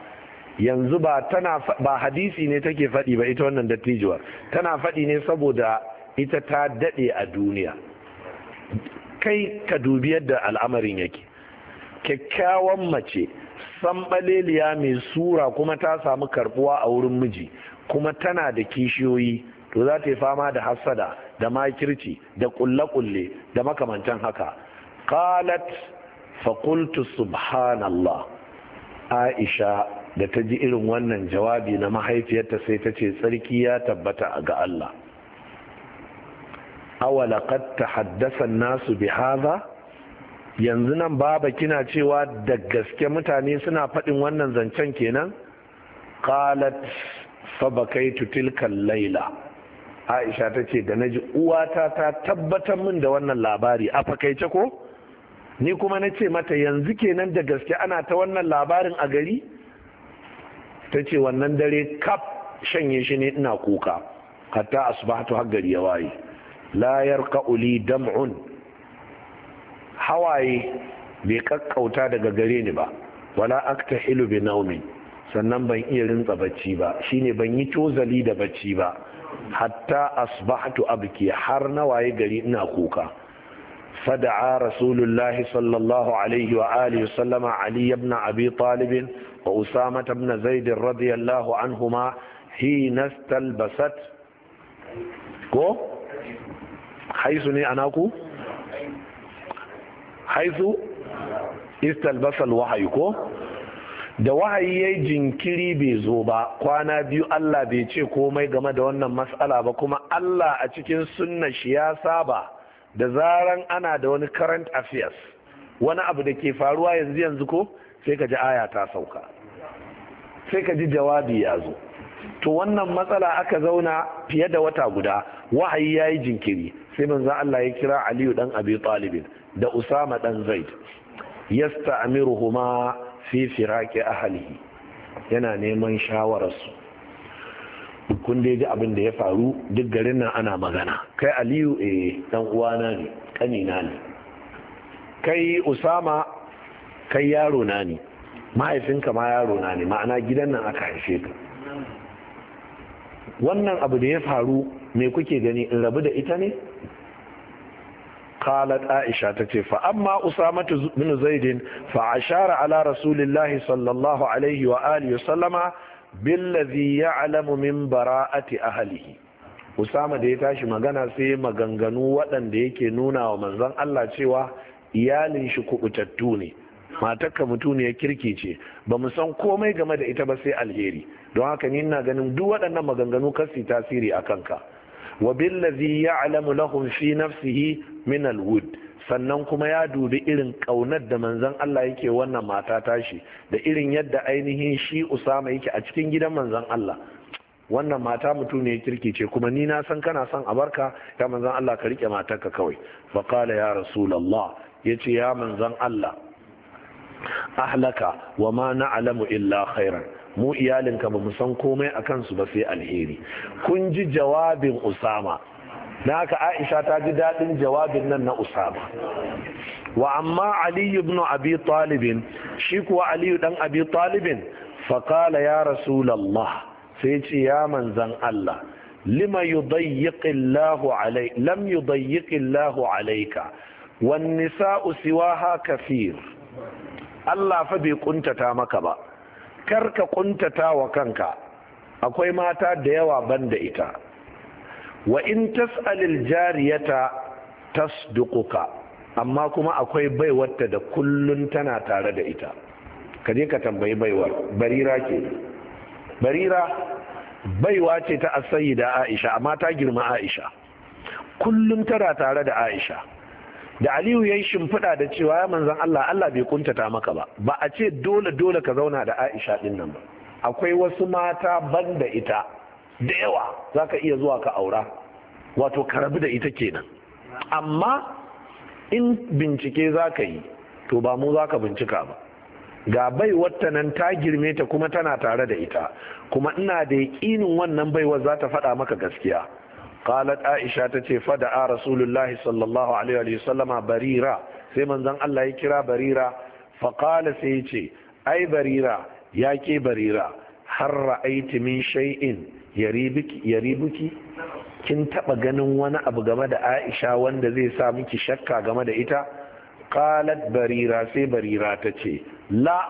A: yanzu ba tana ba hadisi ne take faɗi ba ita wannan dattijuwa tana faɗi ne saboda ita ta daɗe a duniya kai ka dubi yadda al'amarin yake kyakkyawan mace san sanɓaleliya mai sura kuma ta samu karbuwa a wurin miji kuma tana da kishiyoyi to za ta yi fama da hassada da makirci da kulle-kulle da makamancin haka qalat fakultu subhanallah aisha da ta ji irin wannan jawabi na mahaifiyarta sai ta ce tsarki ya tabbata ga Allah awala qad nasu bi haza? yanzu nan baba kina cewa da gaske mutane suna faɗin wannan zancen kenan qalat fa bakaitu tilka laila aisha ta ce da ji uwata ta tabbatar min da wannan labari a fakaice ko ni kuma na ce mata yanzu kenan da gaske ana ta wannan labarin a gari ta ce wannan dare kaf shanye shi ne ina kuka hatta asbahatu har gari ya waye Layar ka'uli dam'un hawaye bai kakkauta daga gare ni ba wala aktahilu bi naumi sannan ban iya rintsa bacci ba shine ban yi cozali da bacci ba hatta asbahtu abki har na waye gari ina kuka fada'a rasulullahi sallallahu alaihi wa alihi sallama ali ibn abi talib wa usama ibn zaid radiyallahu anhuma hina istalbasat ko haisu ne anaku haisu istalbasa alwahyi ko da wahayi ya jinkiri bai zo ba kwana biyu Allah bai ce komai game da wannan matsala ba kuma Allah a cikin sunna shi ya saba da zaran ana da wani current affairs wani abu da ke faruwa yanzu yanzu ko sai ka ji aya ta sauka sai ka ji jawabi ya zo to wannan matsala aka zauna fiye da wata guda wahayi ya yi jinkiri sai manzo Allah ya kira Aliyu dan Abi Talib da Usama dan Zaid yasta'miruhuma fi firaki ahalihi yana neman shawararsu kun dai ji abin da ya faru duk garin nan ana magana kai aliyu eh dan uwana ne kanina ne kai usama kai yaro na ne mahaifinka ma yaro na ne ma'ana gidan nan aka haife ka wannan abu da ya faru me kuke gani in rabu da ita ne qalat aisha tace fa amma usama bin zaid fa ashara ala rasulillahi sallallahu alaihi wa alihi sallama billadhi ya'lamu min bara'ati ahlihi usama da ya tashi magana sai maganganu waɗanda yake nuna wa manzon Allah cewa iyalin shi kubutattu ne matarka ya kirki ce bamu san komai game da ita ba sai alheri don haka ni ina ganin duk waɗannan maganganu kasi tasiri a kanka wa billazi ya'lamu lahum fi nafsihi min sannan kuma ya dubi irin kaunar da manzon Allah yake wannan mata tashi da irin yadda ainihin shi Usama yake a cikin gidan manzon Allah wannan mata mutum ne kirki ce kuma ni na san kana son a barka ya manzan Allah ka rike matarka kawai fa qala ya rasulullah yace ya manzon Allah ahlaka wa ma na'lamu illa khairan mu iyalinka ba mu san komai a kansu ba sai alheri kun ji jawabin usama na haka aisha ta ji daɗin jawabin nan na usama wa amma aliyu ibn abi talibin shi kuwa aliyu dan abi talibin faƙala ya rasulallah sai ce ya manzan allah lima lam yudayyiqillahu alaika wan nisa'u siwaha kafir Allah fa bai kuntata maka ba karka kuntata wa kanka akwai mata da yawa banda ita wa in tas'alil jariyata tasduquka amma kuma akwai baiwarta da kullun tana tare da ita ka je ka tambayi baiwar barira ke barira baiwa ce ta asayida aisha amma ta girma aisha kullun tana tare da aisha da aliyu ya yi shimfiɗa da cewa ya manzan allah allah bai kuntata maka ba ba a ce dole dole ka zauna da aisha ɗin nan ba akwai wasu mata ban da ita da yawa za ka iya zuwa ka aura wato ka rabu da ita kenan amma in bincike za ka yi to ba mu za ka bincika ba ga bai wata nan ta girme ta kuma tana tare da ita kuma ina da yaƙinin wannan baiwar za ta faɗa maka gaskiya qalat aisha tace fada'a rasulullahi sallallahu alaihi wa sallama barira sai manzon Allah ya kira barira fa qala sai yace ai barira ya ke barira har ra'aiti min shay'in yaribiki yaribuki kin taba ganin wani abu game da aisha wanda zai sa miki shakka game da ita qalat barira sai barira tace la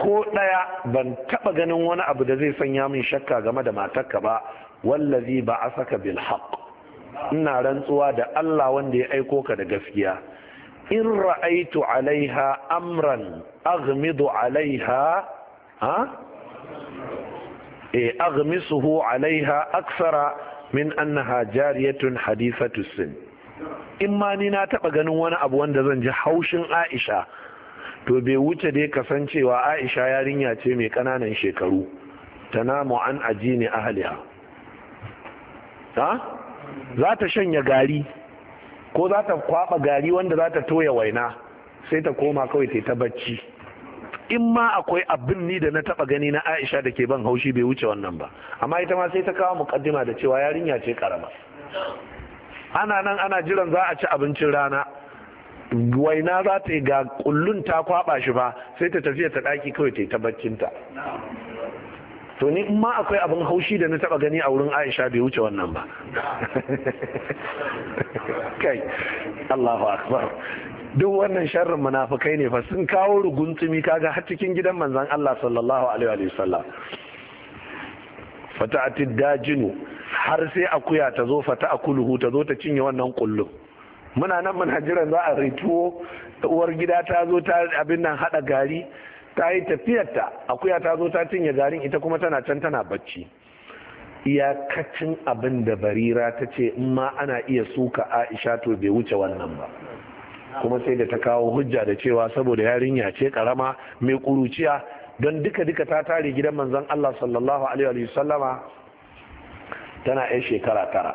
A: ko ɗaya ban taɓa ganin wani abu da zai sanya min shakka game da matarka ba wallazi ba'asaka bil haqq ina rantsuwa da Allah wanda ya aiko ka da gaskiya in ra'aitu alaiha amran aghmidu alaiha ha eh aghmisuhu alaiha aksara min annaha jariyatun hadithatu sin in ma ni na taba ganin wani abu wanda zan ji haushin Aisha to bai wuce dai kasancewa Aisha yarinya ce mai kananan shekaru tanamu an ajini ahliha ha za ta shanya gari ko za ta kwaba gari wanda za ta toya waina sai ta koma kawai ta ta bacci in ma akwai abin ni da na taba gani na Aisha da ke ban haushi bai wuce wannan ba amma ita ma sai ta kawo mukaddima da cewa yarinya ce karama ana nan ana jiran za a ci abincin rana waina za ta yi ga kullun ta kwaba shi ba sai ta tafiya ta daki kawai ta yi ta baccinta to ni ma akwai abin haushi da na taba gani a wurin aisha bai wuce wannan ba kai allahu akbar duk wannan sharrin munafukai ne fa sun kawo ruguntumi kaga har cikin gidan manzan Allah sallallahu alaihi wa sallam fata'atid dajinu har sai akuya ta zo fata akuluhu ta zo ta cinye wannan kullum muna nan muna jiran za a rituwo uwar gida ta zo ta abin nan hada gari ta yi tafiyarta akuya ta zo ta cinye garin ita kuma tana can tana bacci iyakacin abin da barira ta ce in ma ana iya suka aisha to bai wuce wannan ba kuma sai da ta kawo hujja da cewa saboda yarinya ce karama mai kuruciya don duka-duka ta tare gidan manzon Allah sallallahu alaihi sallama tana 'yan shekara tara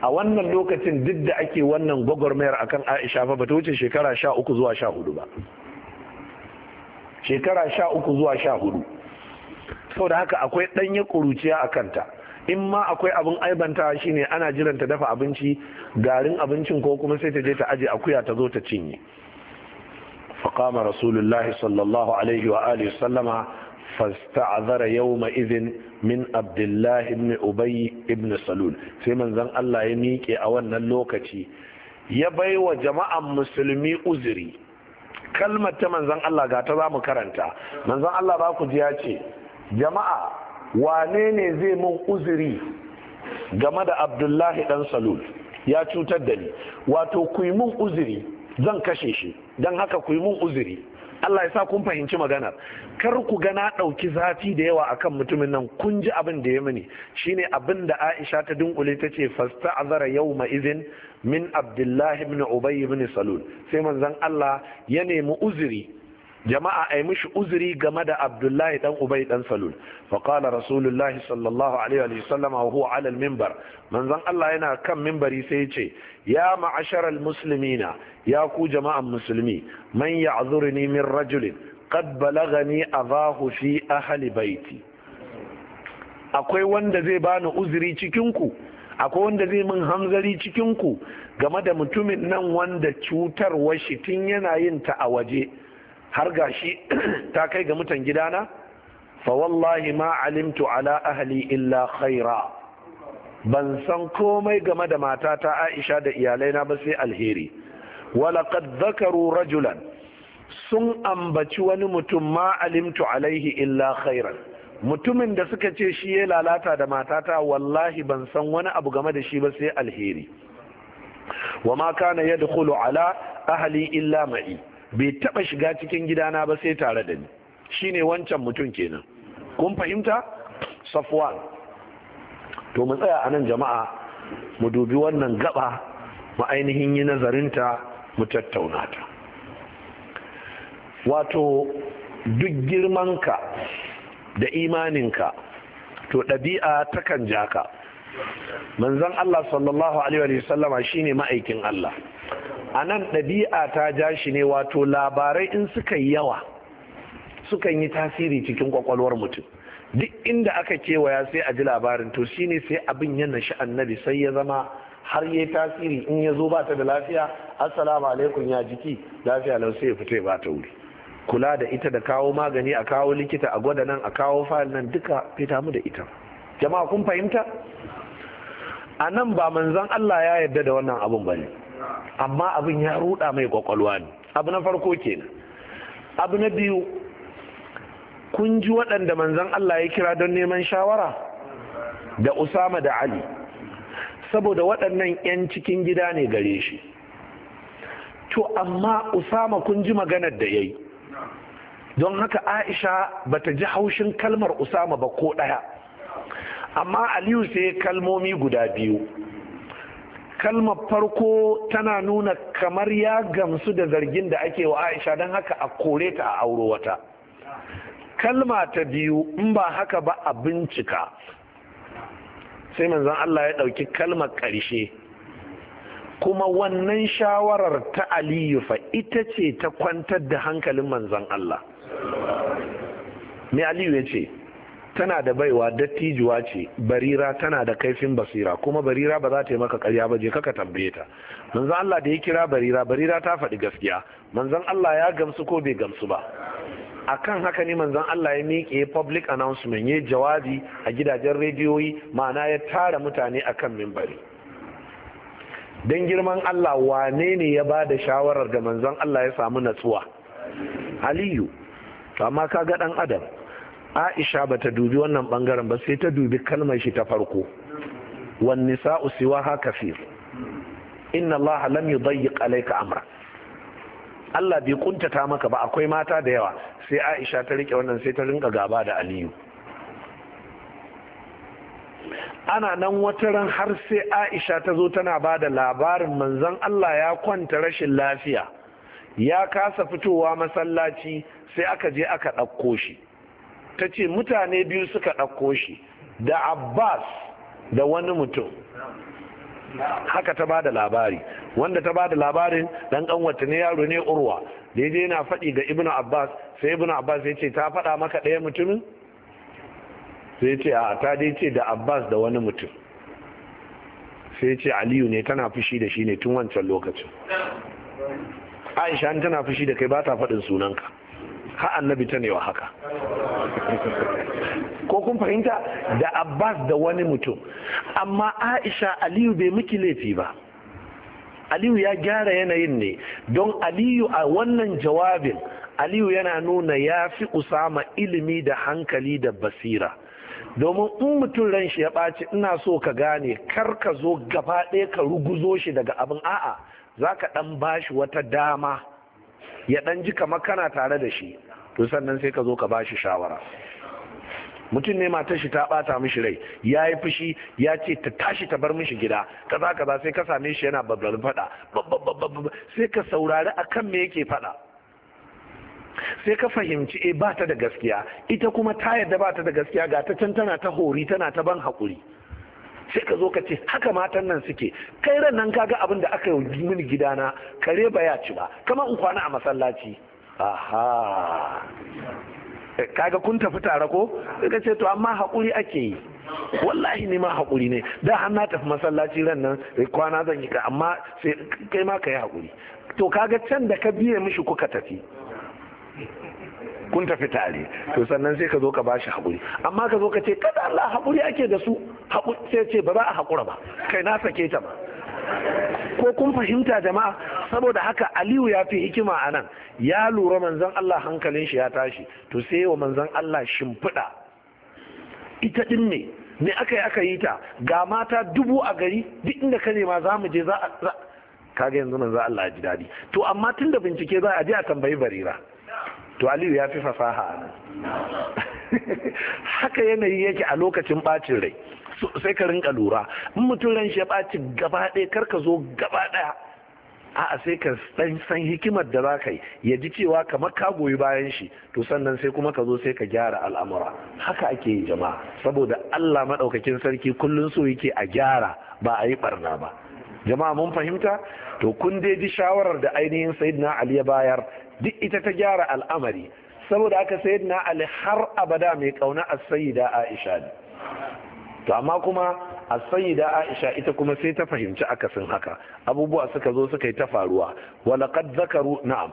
A: a wannan lokacin duk da ake wannan gwagwarmayar akan aisha fa bata wuce shekara sha uku zuwa sha hudu ba shekara sha uku zuwa sha hudu saboda haka akwai ɗanyen ƙuruciya a kanta in ma akwai abin aibanta shine ana jiran ta dafa abinci garin abincin ko kuma sai ta je ta aje akuya ta zo ta cinye فقام رسول الله صلى الله عليه وآله وسلم فاستعذر يومئذ من عبد الله بن أبي بن sai manzon Allah ya miƙe a wannan lokaci ya bai wa jama'an musulmi uzuri kalmar ta manzan Allah ga ta za mu karanta manzan Allah ba ku ji ya ce jama'a wane ne zai mun uzuri game da abdullahi dan salul ya cutar da ni wato ku yi mun uzuri zan kashe shi don haka ku yi mun uzuri Allah ya sa kun fahimci maganar kar ku gana ɗauki zafi da yawa akan mutumin nan kun ji abin da ya muni shine abin da Aisha ta dunkule ta ce fasta azara yawma izin min Abdullahi ibn Ubay ibn Salul sai manzon Allah ya nemi uzuri jama'a ai mishi uzuri game da abdullahi dan ubai dan salul fa qala sallallahu alaihi wa sallam wa huwa ala al manzon Allah yana kan mimbari sai yace ya ma'asharal muslimina ya ku jama'an musulmi man ya'zurni min rajulin qad balagani adahu fi ahli baiti akwai wanda zai bani uzuri cikin ku akwai wanda zai min hamzari cikin ku game da mutumin nan wanda cutar shi tun yana yin ta a waje har gashi ta kai ga mutan gidana fa wallahi ma alimtu ala ahli illa khaira ban san komai game da matata Aisha da iyalaina ba sai alheri walaqad dhakaru rajulan sun ambaci wani mutum ma alimtu alaihi illa khairan mutumin da suka ce shi ya lalata da matata wallahi ban san wani abu game da shi ba sai alheri wa ma kana yadkhulu ala ahli illa ma'i bai taba shiga cikin gidana ba sai tare da ni shine wancan mutum kenan kun fahimta safwan to mu tsaya anan jama'a mu dubi wannan gaba mu ainihin yi nazarinta mu tattauna ta wato duk girmanka da imaninka to ɗabi'a takan ja ka manzon Allah sallallahu alaihi wa sallama shine ma'aikin Allah a nan ɗabi'a ta ja shi ne wato labarai in suka yi yawa sukan yi tasiri cikin kwakwalwar mutum duk inda aka kewaya sai a ji labarin to shine sai abin ya nashi annabi sai ya zama har yi tasiri in ya zo ba ta da lafiya assalamu alaikum ya jiki lafiya lau sai ya fito ba ta wuri kula da ita da kawo magani a kawo likita a gwada nan a kawo fayil nan duka fita mu da ita jama'a kun fahimta a nan ba manzan Allah ya yarda da wannan abun ba ne. amma abin ya ruda mai kwakwalwa ne abu na farko kenan abu na biyu kun ji waɗanda manzan Allah ya kira don neman shawara da Usama da Ali saboda waɗannan 'yan cikin gida ne gare shi to amma Usama kun ji maganar da ya don haka Aisha bata ji haushin kalmar Usama ba ko ɗaya amma Aliyu sai kalmomi guda biyu kalmar farko tana nuna kamar ya gamsu da zargin da ake wa aisha don haka a kore ta a auro wata kalma ta biyu in ba haka ba a bincika sai manzon Allah ya ɗauki kalmar ƙarshe kuma wannan shawarar ta aliyu fa ita ce ta kwantar da hankalin manzon Allah me aliyu ya ce tana da baiwa dattijuwa ce barira tana da kaifin basira kuma barira ba za ta yi maka karya ba je kaka tambaye ta manzon Allah da ya kira barira barira ta faɗi gaskiya manzon Allah ya gamsu ko bai gamsu ba akan haka ne manzon Allah ya miƙe public announcement ya jawabi a gidajen rediyoyi ma'ana ya tara mutane akan mimbari don girman Allah wane ne ya ba da shawarar da manzon Allah ya samu natsuwa aliyu amma ka ga ɗan adam aisha ba ta dubi wannan bangaren ba sai ta dubi kalmar shi ta farko wan nisa'u siwaha kafir inna allaha lam yudayyiq alayka amra Allah bai kuntata maka ba akwai mata da yawa sai Aisha ta rike wannan sai ta rinka gaba da Aliyu ana nan wata ran har sai Aisha ta zo tana ba da labarin manzon Allah ya kwanta rashin lafiya ya kasa fitowa masallaci sai aka je aka ɗauko shi ta ce mutane biyu suka ɗauko shi da abbas da wani mutum haka ta bada labari wanda ta bada labarin dan wata ne yaro ne urwa da yaje yana faɗi ga ibnu abbas sai ibnu abbas ya ce ta faɗa maka ɗaya mutumin sai ce a ta dai ce da abbas da wani mutum sai ce aliyu ne tana fushi da shi ne tun wancan lokacin aisha tana fushi da kai ba ta faɗin sunanka har annabi ta ne haka ko kun fahimta da abbas da wani mutum amma aisha aliyu bai miki laifi ba aliyu ya gyara yanayin ne don aliyu a wannan jawabin aliyu yana nuna ya fi usama ilimi da hankali da basira domin in mutum ran shi ya ɓaci ina so ka gane kar ka zo gaba ɗaya ka ruguzo shi daga abin a'a za ka ɗan shi wata dama ya ɗan ji kama kana tare da shi to sannan sai ka zo ka ba shi shawara mutum ne matar shi ta bata mishi rai ya yi fushi ya ce ta tashi ta bar mishi gida kaza kaza sai ka same shi yana babbar fada sai ka saurari akan me yake fada sai ka fahimci e ba ta da gaskiya ita kuma ta yadda ba ta da gaskiya ga ta can tana ta hori tana ta ban haƙuri sai ka zo ka ce haka matan nan suke kai ran nan kaga abin da aka yi mini gidana kare ba ya ci ba kamar in kwana a masallaci aha eh, kaga kun tafi tare ko ka ce to amma haƙuri ake yi wallahi ne ma haƙuri ne da har na tafi masallaci ran nan eh, kwana zan yi ka amma sai kai ma ka yi haƙuri to kaga can da ka biye mishi kuka tafi kun tafi tare to sannan sai ka zo ka bashi haƙuri amma ka zo ka ce kada Allah haƙuri ake da su sai ce ba za a haƙura ba kai na sake ta ba ko kun fahimta jama'a saboda haka aliyu ya fi hikima a nan ya lura manzan Allah hankalin shi ya tashi to sai wa manzan Allah shimfiɗa ita ɗin ne ne aka yi aka yi ta ga mata dubu a gari duk inda ka nema za mu je za a kaga yanzu manzan Allah ji daɗi to amma tun da bincike za a je a tambayi barira to aliyu ya fi fasaha a nan haka yanayi yake a lokacin bacin rai sai ka rinka lura in mutum ran shi ya baci gaba ɗaya kar ka zo gaba ɗaya a'a sai ka san san hikimar da za ka yi ya ji cewa kamar ka goyi bayan shi to sannan sai kuma ka zo sai ka gyara al'amura haka ake yi jama'a saboda Allah maɗaukakin sarki kullum so yake a gyara ba a yi barna ba jama'a mun fahimta to kun dai ji shawarar da ainihin sayyidina Ali ya bayar duk ita ta gyara al'amari saboda aka sayid na ali har abada mai kauna a sayida aisha ne to amma kuma a sayida aisha ita kuma sai ta fahimci akasin haka abubuwa suka zo suka yi ta faruwa walaƙad zakaru na'am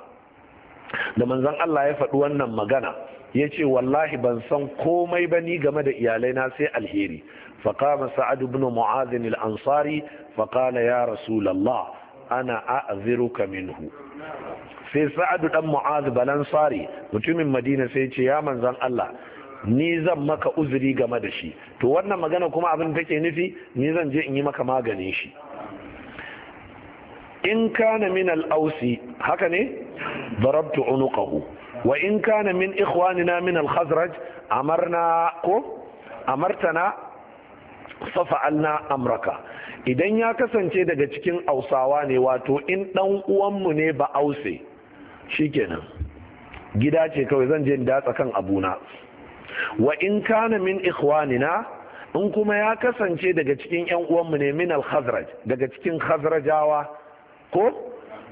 A: da manzon Allah ya faɗi wannan magana ya ce wallahi ban san komai ba ni game da iyalai na sai alheri faƙama sa'ad ibn mu'adhin al-ansari faƙala ya rasulallah ana a'ziruka minhu sai sa'adu dan mu'az balansari mutumin madina sai ce ya manzan Allah ni zan maka uzuri game da shi to wannan magana kuma abin take nufi ni zan je in yi maka maganin shi in kana min al-ausi haka ne darabtu unuqahu wa in kana min ikhwanina min al-khazraj amarna ko amartana fafa'alna amraka idan ya kasance daga cikin ausawa ne wato in dan uwanmu ne ba ause shikenan gida ce kawai zan je datsa kan abuna wa in kana min ikhwanina in kuma ya kasance daga cikin yan uwanmu ne min al daga cikin khazrajawa ko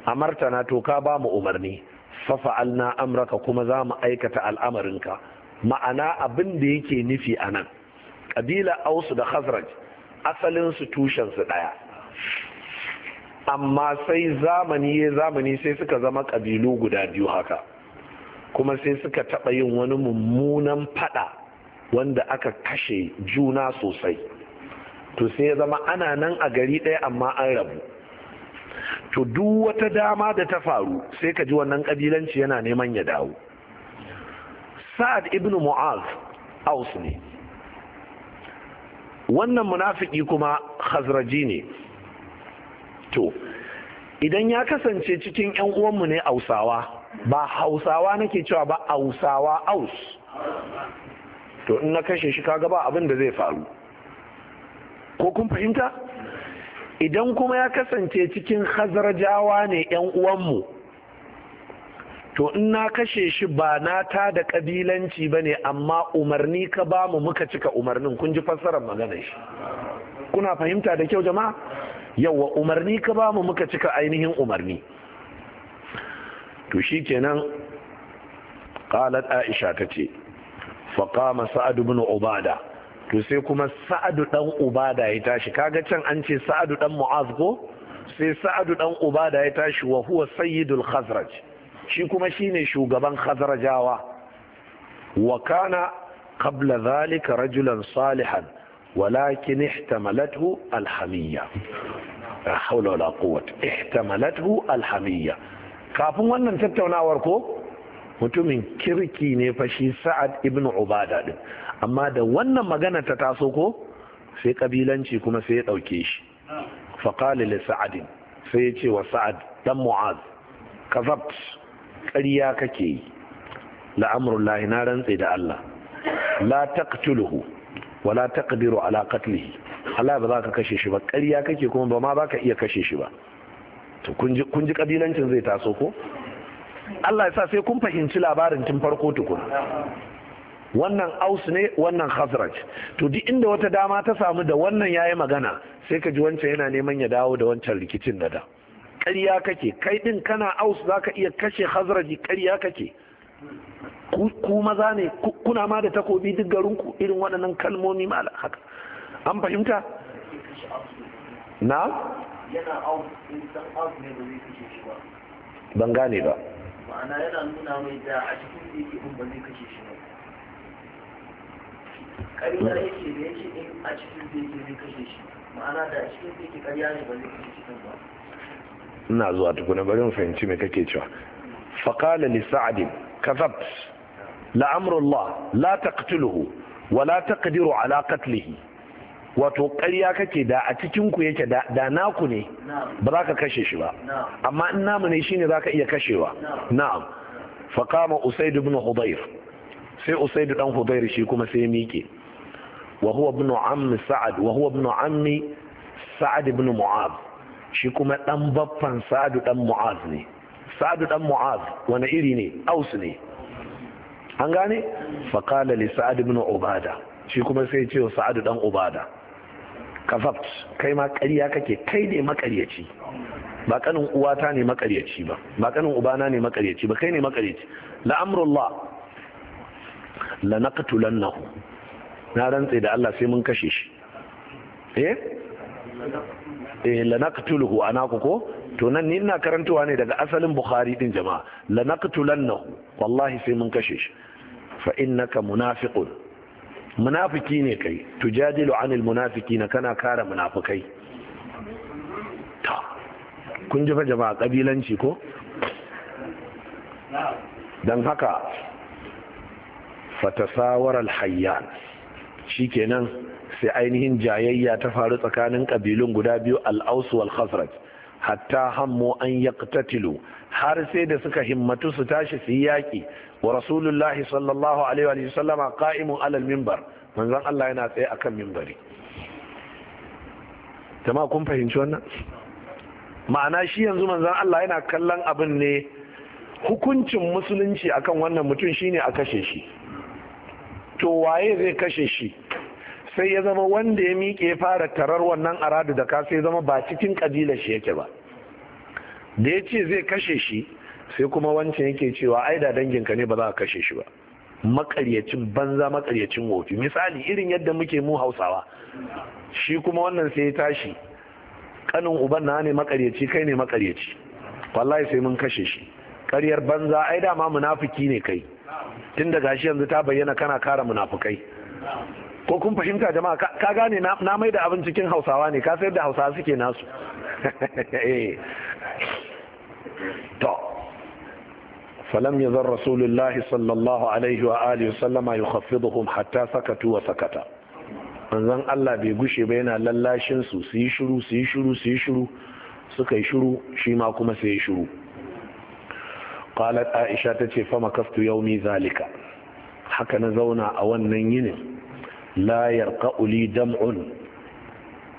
A: amartana to ka ba mu umarni fafa'alna amraka kuma za mu al'amarin ka, ma'ana abin da yake nufi anan, nan ƙabila ausu da khazraj asalinsu tushensu ɗaya amma sai zamani ya zamani sai suka zama ƙabilu guda biyu haka kuma sai suka taɓa yin wani mummunan faɗa wanda aka kashe juna sosai to sai ya zama ana nan a gari ɗaya amma an rabu to duk wata dama da ta faru sai ka ji wannan ƙabilanci yana neman ya dawo sa'ad ibn mu'az aus ne wannan munafiki kuma khazraji ne to idan ya kasance cikin yan uwanmu ne ausawa ba hausawa nake cewa ba ausawa aus to in na kashe shi kaga ba abin da zai faru ko kun fahimta idan kuma ya kasance cikin hazarjawa ne yan uwanmu to in na kashe shi ba na ta da kabilanci ba ne amma umarni ka ba mu muka cika umarnin kun ji fassarar magana shi kuna fahimta da kyau jama'a yawa umarni ka ba mu muka cika ainihin umarni to shi kenan qalat aisha ta ce faƙama sa'ad ibn ubada to sai kuma sa'ad dan ubada ya tashi kaga can an ce Sa'adu dan mu'az ko sai sa'ad dan ubada ya tashi wa huwa sayyidul khazraj shi kuma shine shugaban khazrajawa wa kana qabla dhalika rajulan salihan walakin ihtamalathu alhamiyya la hawla wala quwwata ihtamalathu alhamiyya kafin wannan tattaunawar ko mutumin kirki ne fa shi sa'ad ibn ubada din amma da wannan magana ta taso ko sai kabilanci kuma sai ya dauke shi fa qala li sa'ad sai ya ce wa sa'ad dan mu'az kazabt ƙarya kake yi la'amurullahi na rantse da Allah la taqtuluhu wa la taqdiru ala qatlihi Allah ba za ka kashe shi ba ƙarya kake kuma ba ma ba ka iya kashe shi ba to kun ji kabilancin zai taso ko Allah ya sa sai kun fahimci labarin tun farko tukun wannan aus ne wannan khazraj to duk inda wata dama ta samu da wannan yayi magana sai ka ji wancan yana neman ya dawo da wancan rikicin da da ƙarya kake kai din kana aus za ka iya kashe hazraji ƙarya kake ku maza ne kuna ma da takobi duk garinku irin waɗannan kalmomi ma haka an fahimta na ban gane ba
B: ma'ana yana nuna mai da a cikin da yake ba zai kashe shi ba ƙarya mm. yake da yake in a cikin da yake zai kashe shi ma'ana da a cikin da yake ƙarya ne ba zai kashe shi ba
A: ina zuwa tukuna bari fahimci me kake cewa faqala li sa'd kafabt la Allah la taqtuluhu wa la taqdiru ala qatlihi wato ƙarya kake da a cikin ku yake da naku ne ba za ka kashe shi ba amma in namu ne shine za ka iya kashewa na'am faqama usaid ibn hudayr sai usaid dan hudayr shi kuma sai miƙe wa huwa ibn ammi sa'ad wa huwa ibn ammi sa'ad ibn mu'adh shi kuma ɗan baffan sa'adu ɗan mu'az ne sa'adu ɗan mu'az wani iri ne aus ne an gane faƙala li sa'adu ibn ubada shi kuma sai ce sa'adu ɗan ubada kafaft kai ma ƙarya kake kai ne maƙaryaci ba kanin uwata ne maƙaryaci ba ba kanin ubana ne maƙaryaci ba kai ne maƙaryaci la'amrullah la naqtulannahu na rantse da Allah sai mun kashe shi eh Eh, lanaqtuluhu anaku ko to nan ni ina karantawa ne daga asalin bukhari din jama'a lanaqtulannahu wallahi sai mun kashe shi fa innaka munafiqun munafiki ne kai tujadilu anil na kana kara munafikai kun ji fa jama'a kabilanci ko dan haka fatasawar alhayyan shikenan sai ainihin jayayya ta faru tsakanin kabilun guda biyu al'ausu wal khazraj hatta hammu an yaqtatilu har sai da suka himmatu su tashi su yi yaƙi wa rasulullahi sallallahu alaihi wa sallama qa'imun alal minbar manzon Allah yana tsaye akan minbari jama'a kun fahimci wannan ma'ana shi yanzu manzon Allah yana kallon abin ne hukuncin musulunci akan wannan mutum shine a kashe shi to waye zai kashe shi sai ya zama wanda ya miƙe ya fara tarar wannan aradu da ka sai zama ba cikin kabilar shi yake ba da ya ce zai kashe shi sai kuma wancan yake cewa ai da danginka ne ba za a kashe shi ba makaryacin banza makaryacin wofi misali irin yadda muke mu hausawa shi kuma wannan sai ya tashi kanin uban na ne makaryaci kai ne makaryaci wallahi sai mun kashe shi karyar banza ai da ma munafiki ne kai tun da gashi yanzu ta bayyana kana kara munafukai ko kun fahimta jama'a ka gane na mai da abin cikin hausawa ne ka da hausawa suke nasu eh. to falam ya zan rasulullahi sallallahu alaihi wa alihi sallama ya khaffiduhum hatta sakatu wa sakata manzan Allah bai gushe ba yana lallashin su su yi shiru su yi shiru su yi shiru suka yi shiru shi ma kuma sai yi shiru qalat aisha tace fa makastu yaumi zalika haka na zauna a wannan yinin la yarqa'u dam'un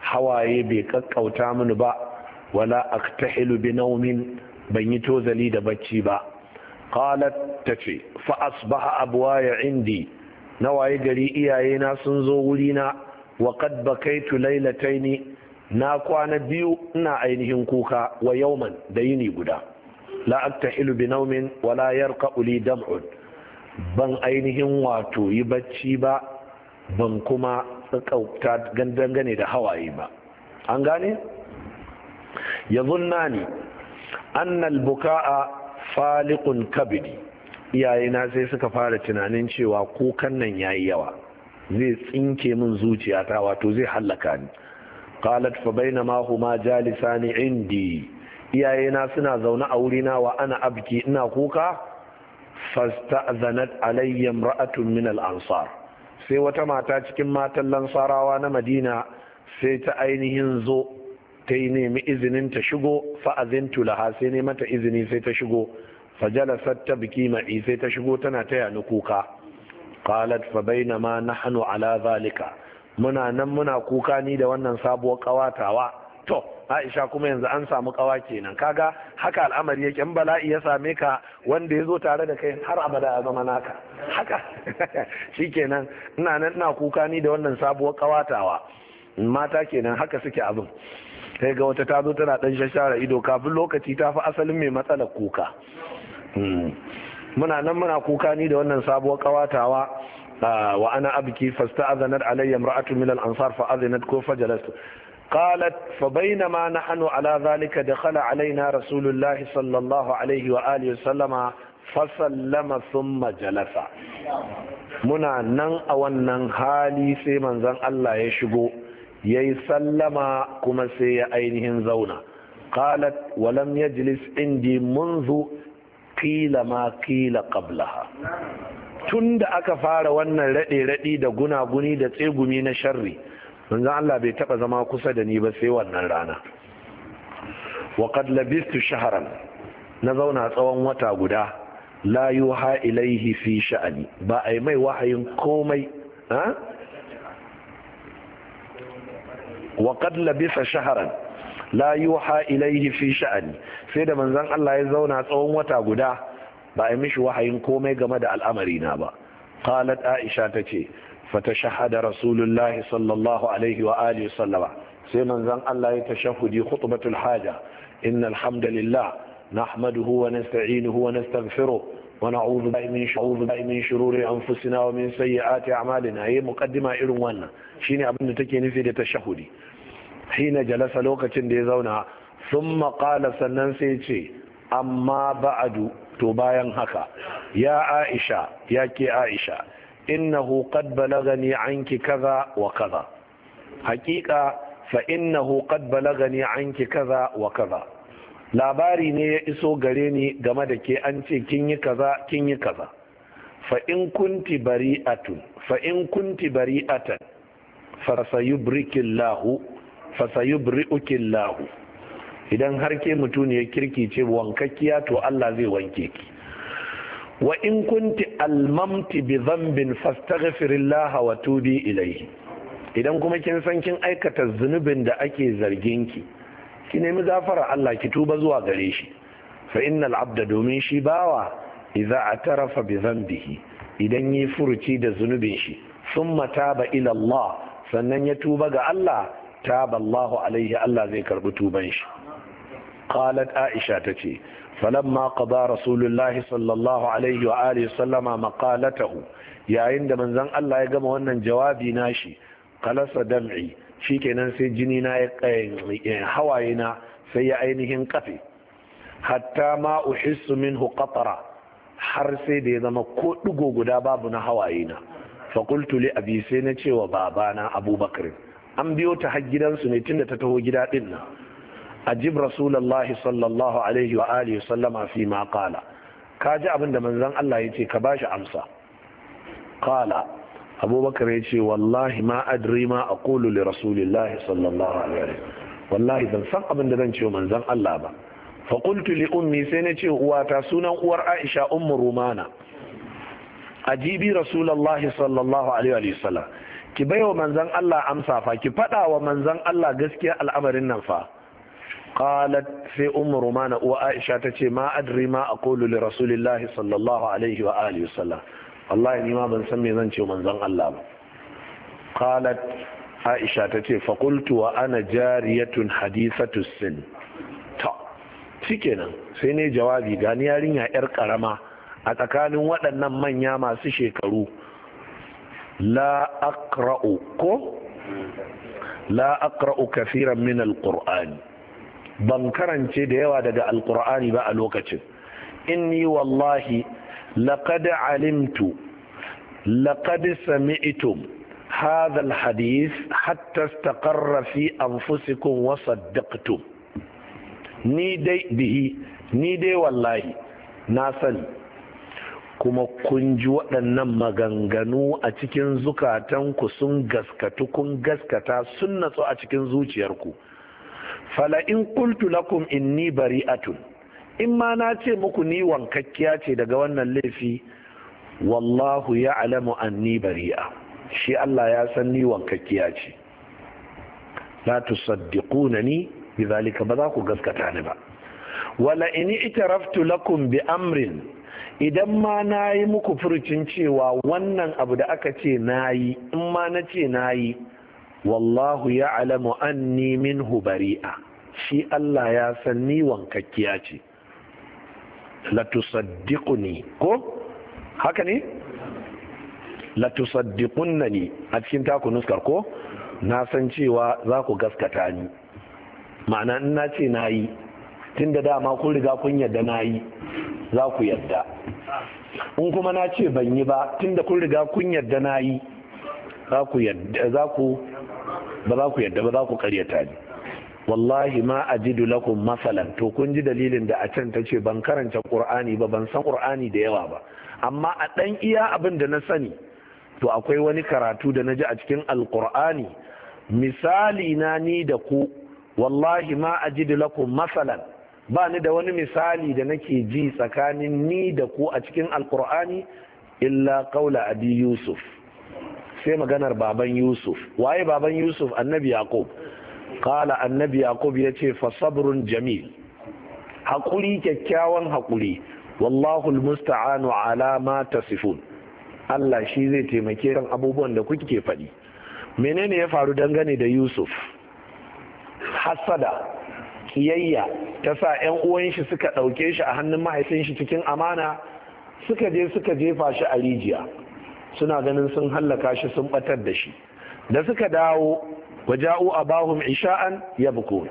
A: hawaye bai kakkauta mini ba wala aktahilu bi naumin ban yi tozali da bacci ba qalat tace fa asbaha abwaya indi nawaye gari iyayena sun zo wurina wa qad bakaitu laylataini na kwana biyu ina ainihin kuka wa yauman da yini guda la aktahilu bi naumin wala yarqa'u uli dam'un ban ainihin wato yi bacci ba ban kuma tsakauta dangane da hawaye ba an gane ya zunna ni annal buka'a falikun kabidi iyayena sai suka fara tunanin cewa kukan nan yi yawa zai tsinke min zuciyata wato zai hallaka ni qalat fa ma huma jalisani indi iyayena suna zaune a wurina wa ana abki ina kuka fasta'zanat alayya imra'atun min al-ansar sai wata mata cikin matan lansarawa na madina sai ta ainihin zo ta yi nemi izinin ta shigo fa'azin tulaha sai ne mata izini sai ta shigo fajalasat ta biki ma'i sai ta shigo tana taya ni kuka qalat fa bainama nahnu ala zalika muna nan muna kuka ni da wannan sabuwar kawatawa to aisha kuma yanzu an samu kawa kenan kaga haka al'amari yake in bala'i ya same ka wanda ya zo tare da kai har abada ya zama naka haka shikenan ina nan ina kuka ni da wannan sabuwar kawatawa mata kenan haka suke abin sai ga wata ta zo tana dan shashara ido kafin lokaci ta fi asalin mai matsalar kuka hmm. muna nan muna kuka ni da wannan sabuwar kawatawa ah, wa ana abki fasta'azanat alayya imra'atun min al-ansar fa ko fajalastu قالت فبينما نحن على ذلك دخل علينا رسول الله صلى الله عليه وآله وسلم fasallama sun majalasa muna nan a wannan hali sai manzon Allah ya shigo ya yi sallama kuma sai ya ainihin zauna qalat walam yajlis indi munzu qila ma qila qablaha Tunda aka fara wannan raɗe-raɗi da gunaguni da tsegumi na sharri manzon Allah bai taba zama kusa da ni ba sai wannan rana wa qad labistu shahran na zauna tsawon wata guda la yuha ilaihi fi sha'ani ba ai mai wahayin komai ha wa qad labisa shahran la yuha ilaihi fi sha'ani sai da manzon Allah ya zauna tsawon wata guda ba ai mishi wahayin komai game da al'amari na ba qalat aisha tace fatashahada rasulullahi sallallahu alaihi wa alihi sallama sai manzon Allah ya tashahudi khutbatul haja innal hamdalillah nahmaduhu wa nasta'inuhu wa nastaghfiruh wa na'udhu billahi min shururi min shururi anfusina wa min sayyiati a'malina yayi muqaddima irin wannan shine abin da take nufi da tashahudi hina jalasa lokacin da ya zauna sun qala sannan sai ce amma ba'adu to bayan haka ya aisha ya ke aisha innahu qad balagani anki kaza wa kaza hakika fa innahu qad balagani anki kaza wa kaza labari ne ya iso gare ni game da ke an ce kin yi kaza kin yi kaza fa in kunti bari'atun fa in kunti bari'atan fa sayubrikillahu fa sayubrikillahu idan har ke ne kirki ce wankakkiya to Allah zai wanke ki wa in kunti almamti bi zambin fastaghfirillah wa tubi ilaihi idan kuma kin san kin aikata zunubin da ake zargin ki ki nemi gafara Allah ki tuba zuwa gare shi fa innal abda domin shi bawa idza atarafa bi zambihi idan yi furuci da zunubin shi thumma taba ila Allah sannan ya tuba ga Allah taba Allahu alaihi Allah zai karbi tuban shi qalat Aisha tace فلما قضى رسول الله صلى الله عليه واله وسلم مقالته يا عند من زن الله يقام wannan جوابي ناشي قلص دمعي shi kenan sai jini na ya hawaye na sai ya ainihin kafe hatta ma uhissu minhu qatara har sai da ya zama ko digo guda babu na hawaye na fa qultu li abi sai na cewa babana abubakar an biyo ta har gidansu ne tunda ta taho gida din nan ajib rasulullahi sallallahu alaihi wa alihi sallama fi ma qala ka ji abin da manzon Allah ya ce ka bashi amsa qala abubakar ya ce wallahi ma adri ma aqulu li rasulillahi sallallahu alaihi wa wallahi ban san abin da zan ce manzon Allah ba fa qultu li ummi sai na ce uwata sunan uwar Aisha ummu rumana ajibi rasulullahi sallallahu alaihi wa sallam ki baiwa manzon Allah amsa fa ki fada wa manzon Allah gaskiya al'amarin nan fa qalat sai umru mana uwa aisha tace ma adri ma aqulu li rasulillah sallallahu alaihi wa alihi wasallam wallahi ni ma ban san me zan ce manzon Allah ba qalat aisha tace fa qultu wa ana jariyatun hadithatu sin to shikenan sai ne jawabi gani yarinya yar karama a tsakanin waɗannan manya masu shekaru la aqra'u ko la aqra'u ban karance da yawa daga alkur'ani ba a lokacin inni wallahi laqad alimtu laqad sami'tum hadha alhadith hatta istaqarra fi anfusikum wa ni dai bihi ni dai wallahi na sani kuma kun ji waɗannan maganganu a cikin zukatanku sun gaskatu kun gaskata sun natsu a cikin zuciyarku fala in qultu lakum inni bari'atun in ma na ce muku ni wankakkiya ce daga wannan laifi wallahu ya ya'lamu anni bari'a shi Allah ya san ni wankakkiya ce la ni bidhalika ba za ku gaskata ni ba wala in itaraftu lakum bi amrin idan ma na yi muku furucin cewa wannan abu da aka ce na yi in ma na ce na yi wallahu ya'lamu anni منه bari'a shi Allah ya san ni wankakkiya ce latusaddiquni ko haka ne latusaddiqunnani a cikin taku nuskar ko na san cewa za ku gaskata ni ma'ana in na da dama kun riga kun yadda na yi za ku yadda in kuma na ce ban yi ba tun kun riga kun yadda na yi za ku ba za ku yadda ba za ku karyata ni wallahi ma ajidu lakum masalan to kun ji dalilin da a can ta ce ban karanta qur'ani ba ban san qur'ani da yawa ba amma a ɗan iya abin da na sani to akwai wani karatu da na ji a cikin alqur'ani misali na ni da ku wallahi ma ajidu lakum masalan ba ni da wani misali da nake ji tsakanin ni da ku a cikin alqur'ani illa qaula yusuf sai maganar baban yusuf waye baban yusuf annabi yaqub kala annabi yaqub ya ce fa sabrun jamil haƙuri kyakkyawan haƙuri wallahu musta'anu ala ma tasifun Allah shi zai taimake kan abubuwan da kuke faɗi menene ya faru dangane da yusuf hassada kiyayya ta sa 'yan uwan shi suka ɗauke shi a hannun mahaifin shi cikin amana suka je suka jefa shi a rijiya suna ganin sun hallaka shi sun batar da shi da suka dawo waja'u abahum isha'an ya yabkun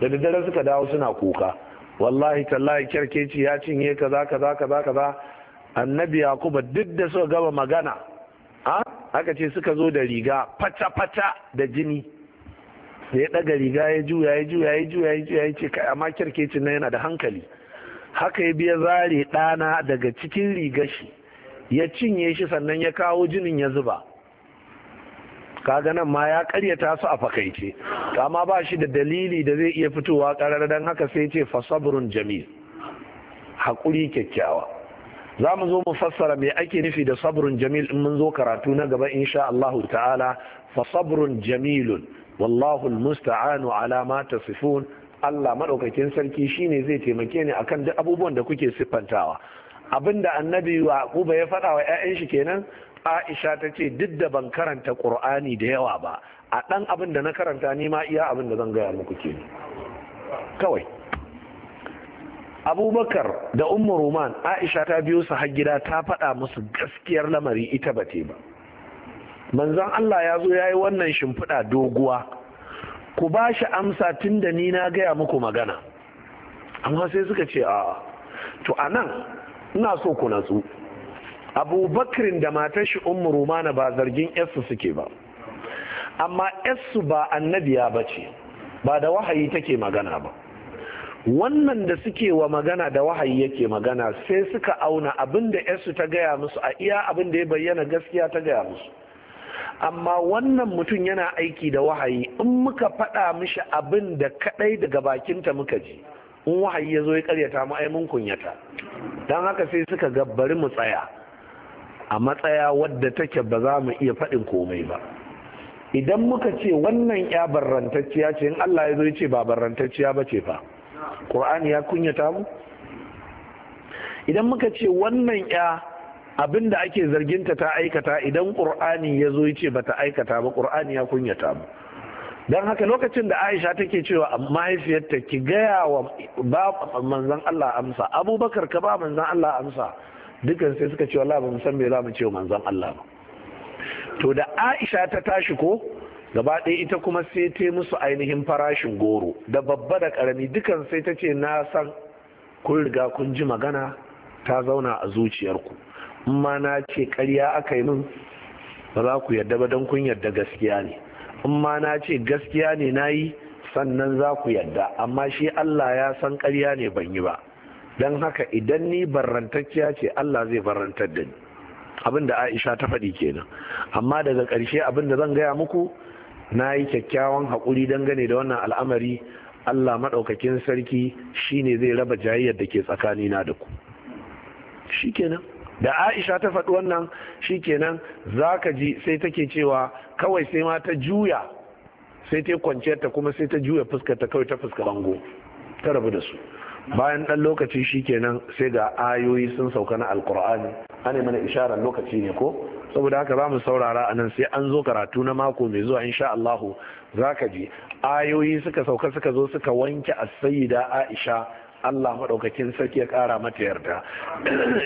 A: da daddare suka dawo suna kuka wallahi tallahi kyarkeci ya cinye kaza kaza kaza kaza annabi ya kuma duk da suka gaba magana a aka ce suka zo da riga fata fata da jini da ya daga riga ya juya ya juya ya juya ya juya ya ce kai amma kyarkeci na yana da hankali haka ya biya zare ɗana daga cikin rigar shi ya cinye shi sannan ya kawo jinin ya zuba kaga nan ma ya karyata su a fakaice amma ba shi da dalili da zai iya fitowa karar don haka sai ce fasabrun jamil haƙuri kyakkyawa za mu zo mu fassara me ake nufi da sabrun jamil in mun zo karatu na gaba insha Allahu ta'ala fasabrun jamilun wallahu almusta'anu ala ma tasifun Allah madaukakin sarki shi ne zai taimake ni akan duk abubuwan da kuke siffantawa abinda annabi wa kuba ya faɗa wa 'ya'yan shi kenan aisha ta ce duk da ban karanta ƙur'ani da yawa ba a ɗan abin da na karanta ni ma iya abin da zan gaya muku ke kawai abubakar da umar roman aisha ta biyo su har gida ta faɗa musu gaskiyar lamari ita ba te ba manzan allah ya zo ya yi wannan shimfiɗa doguwa ku ba shi amsa tun da ni na gaya muku magana amma sai suka ce a to a nan ina so ku natsu abubakarin da matar shi ummu rumana ba zargin yarsu suke ba amma yarsu ba annabiya ba ce ba da wahayi take magana ba wannan da suke wa magana da wahayi yake magana sai suka auna abin da yarsu ta gaya musu a iya abin da ya bayyana gaskiya ta gaya musu amma wannan mutum yana aiki da wahayi in muka faɗa mishi abin da kaɗai daga bakinta muka ji in wahayi ya zo ya karyata mu ai mun kunyata don haka sai suka gabbari mu tsaya a matsaya wadda take ba za mu iya faɗin komai ba idan muka ce wannan ya barrantacciya ce in Allah ya zo ya ce ba barrantacciya ba ce fa Qur'ani ya kunyata mu idan muka ce wannan ya abin da ake zarginta ta aikata idan ƙur'ani ya zo ya ce ba ta aikata ba ƙur'ani ya kunyata mu don haka lokacin da aisha take cewa mahaifiyarta ki gaya wa ba manzan Allah amsa abubakar ka ba manzan Allah amsa Dukkan sai suka ce wallahi ba mu san me za mu ce manzan Allah ba to da aisha ta tashi ko gaba ɗaya ita kuma sai ta musu ainihin farashin goro da babba da ƙarami dukkan sai ta ce na san kun riga kun ji magana ta zauna a zuciyarku amma na ce karya aka yi min ba za ku yarda ba don kun yarda gaskiya ne in ma na ce gaskiya ne na yi sannan za ku yadda amma shi Allah ya san ƙarya ne ban yi ba don haka idan ni barantacciya ce Allah zai barantar da ni abin Aisha ta faɗi kenan amma daga ƙarshe abin da zan gaya muku na yi kyakkyawan haƙuri dangane da wannan al'amari Allah maɗaukakin sarki shi ne zai raba jayayyar da ke tsakanina da ku shikenan da aisha ta faɗi wannan shikenan za ka ji sai take cewa kawai sai ma ta juya sai ta kwanciyar ta kuma sai ta juya fuskar ta kawai ta fuska bango ta rabu da su bayan ɗan lokaci shikenan sai ga ayoyi sun sauka na alkur'ani ana mana isharar lokaci ne ko saboda haka za mu saurara a nan sai an zo karatu na mako mai zuwa insha Allahu za ka ji ayoyi suka sauka suka zo suka wanke as-sayyida Aisha Allah maɗaukakin sarki ya ƙara mata yarda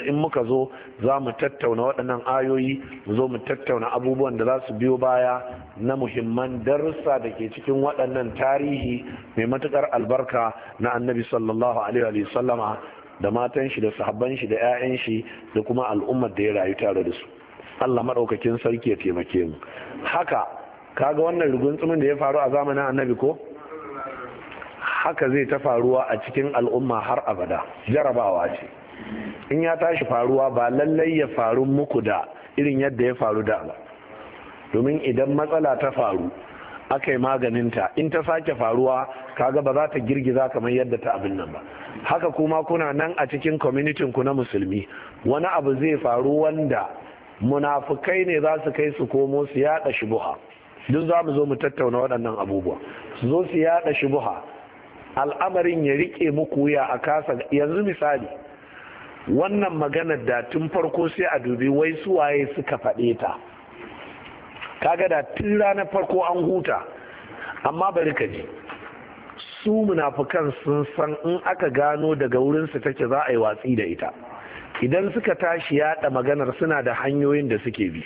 A: in muka zo za mu tattauna waɗannan ayoyi mu zo mu tattauna abubuwan da za su biyo baya na muhimman darussa da ke cikin waɗannan tarihi mai matuƙar albarka na annabi sallallahu alaihi sallama da matan shi da sahabban shi da 'ya'yan shi da kuma al'ummar da ya rayu tare da su Allah maɗaukakin sarki ya taimake mu haka kaga wannan rigun tsumin da ya faru a zamanin annabi ko haka zai ta faruwa a cikin al'umma har abada jarabawa ce in ya tashi faruwa ba lallai ya faru muku da irin yadda ya faru da ba domin idan matsala ta faru aka yi maganinta in ta sake faruwa kaga ba za ta girgiza kamar yadda ta abin nan ba haka kuma kuna nan a cikin kwamitin ku na musulmi wani abu zai faru wanda munafukai ne za su kai su komo su yada shubuha duk za mu zo mu tattauna waɗannan abubuwa su zo su yada shubuha al'amarin ya rike muku wuya a kasa yanzu misali wannan maganar da tun farko sai a dubi wai su waye suka faɗe ta kaga da tun ranar farko an huta amma bari ka ji su munafukan sun san in aka gano daga wurinsu take za a yi watsi da ita idan suka tashi yada maganar suna da hanyoyin da suke bi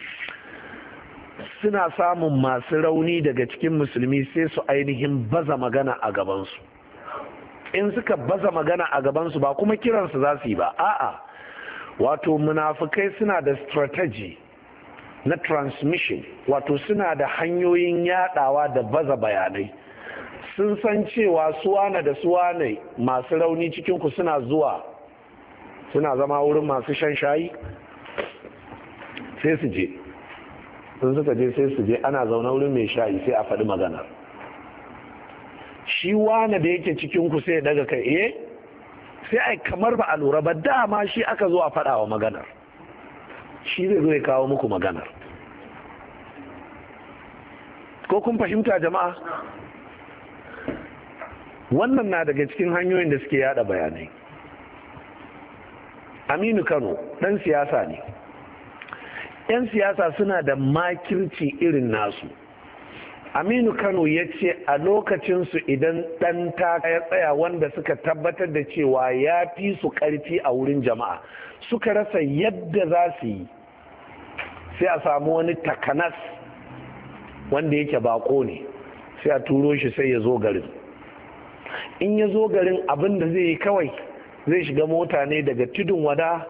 A: suna samun masu rauni daga cikin musulmi sai su ainihin baza magana a gabansu in suka baza magana a gabansu ba kuma kiransu za su yi ba a'a wato munafukai suna da strategy na transmission wato suna da hanyoyin yadawa da baza bayanai sun san cewa suwana da suwane masu rauni cikinku suna zuwa suna zama wurin masu shan shayi sai su je sun suka je sai su je ana zaune wurin mai shayi sai a faɗi magana. shi wane da yake cikin ku sai daga kai eh sai ai kamar ba a lura ba dama shi aka zo a faɗa wa maganar shi zai zo ya kawo muku maganar ko kun fahimta jama'a wannan na daga cikin hanyoyin da suke yada bayanai aminu kano ɗan siyasa ne 'yan siyasa suna da makirci irin nasu aminu kano ya ce a lokacinsu idan ɗan taka ya tsaya wanda suka tabbatar da cewa ya fi su ƙarfi a wurin jama'a suka rasa yadda za su yi sai a samu wani takanas wanda yake bako ne sai a turo shi sai ya zo garin in ya zo garin abin da zai yi kawai zai shiga mota ne daga tudun wada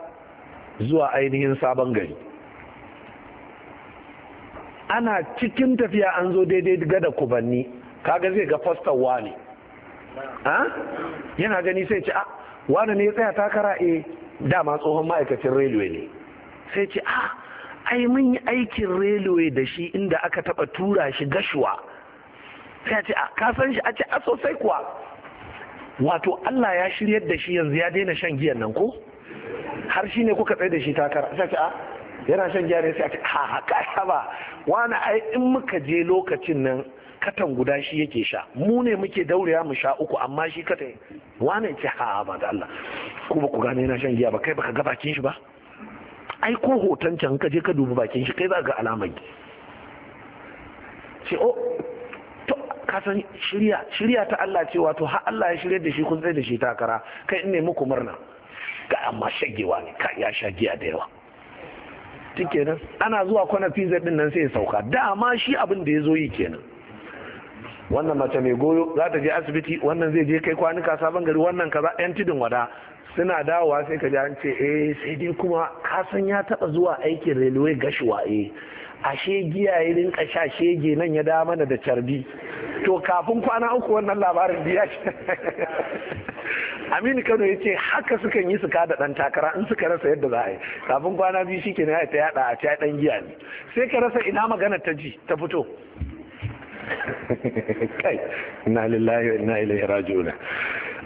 A: zuwa ainihin sabon gari ana cikin tafiya an zo daidai gada kubanni kaga zai ga fasta wani yana gani sai ce ah, wani ne ya tsaya takara e dama tsohon ma'aikacin railway ne sai ce a ah, ai mun yi aikin railway da shi inda aka taba tura shi gashuwa sai ce ah, a san shi a ce a sosai kuwa wato Allah ya shiryar da shi yanzu ya daina shan giyan nan ko har shi ne kuka tsaye da shi takara sai ce a yana shan giya ne sai a ce ha ha ka ba wani ai in muka je lokacin nan katan guda shi yake sha mu ne muke daurewa mu sha uku amma shi kata wani ce ha ba da Allah ko ba ku gane yana shan giya ba kai baka ga bakin shi ba ai ko hoton can ka je ka dubi bakin shi kai za ga alamar ki ce oh to ka san shirya shirya ta Allah ce wato har Allah ya shirya da shi kun tsaye da shi takara kai in ne muku murna ga amma shagewa ne ka ya sha giya da yawa kenan ana zuwa kwana pz din nan sai ya sauka dama shi abin da ya zo yi kenan wannan mace mai goyo za ta je asibiti wannan zai je kai kwanuka sabon gari wannan kaza yan tudun wada suna dawowa sai ka ji an ce eh sai dai kuma kasan ya taba zuwa aikin railway gashuwa eh ashe shegiya ya rinka sha shege nan ya da mana da carbi to kafin kwana uku wannan labarin biya shi aminu kano ya ce haka suka yi su da dan takara in suka rasa yadda za a yi kafin kwana biyu shi ke na ta yada a ta dan giya ne sai ka rasa ina magana ta ji ta fito kai inna lillahi wa inna ilaihi raji'un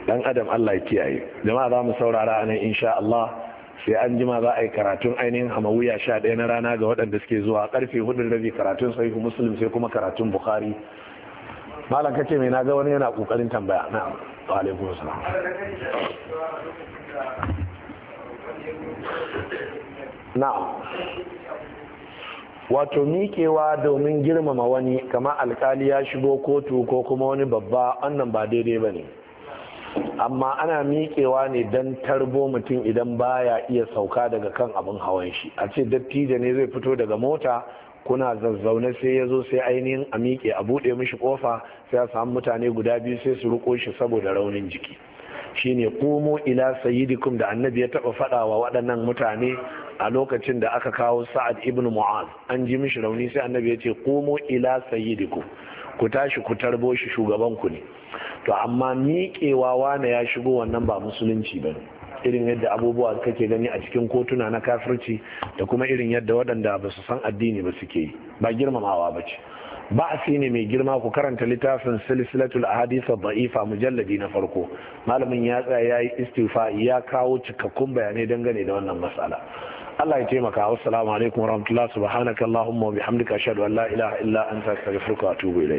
A: dan adam Allah ya kiyaye jama'a za mu saurara anan insha Allah sai an jima za a yi karatun ainihin hamawuya sha ɗaya na rana ga waɗanda suke zuwa karfe hudun rabi karatun sahihu muslim sai kuma karatun bukhari malam kace mai naga wani yana ƙoƙarin tambaya na alaikum salam na wato miƙewa domin girmama wani kama alkali ya shigo kotu ko kuma wani babba wannan ba daidai ba ne amma ana miƙewa ne don tarbo mutum idan baya iya sauka daga kan abin hawan shi a ce dattijo ne zai fito daga mota kuna zazzaune sai ya zo sai ainihin a miƙe a buɗe mishi ƙofa sai a samu mutane guda biyu sai su riko shi saboda raunin jiki shine komo ila sayyidikum da annabi ya taɓa faɗa wa waɗannan mutane a lokacin da aka kawo sa'ad ibn mu'az an ji mishi rauni sai annabi ya ce komo ila sayyidikum ku tashi ku tarbo shi shugaban ku ne to amma miƙewa wane ya shigo wannan ba musulunci ba ne irin yadda abubuwa kake gani a cikin kotuna na kafirci da kuma irin yadda waɗanda ba su san addini ba suke yi ba girmamawa ba ce ba'asi ne mai girma ku karanta littafin silsilatul ahadisa da'ifa mujalladi na farko malamin ya tsaya ya yi istifa ya kawo cikakkun bayanai dangane da wannan matsala Allah ya taimaka wassalamu alaikum warahmatullahi subhanakallahumma wa bihamdika ashhadu an la ilaha illa anta astaghfiruka wa atubu ilayk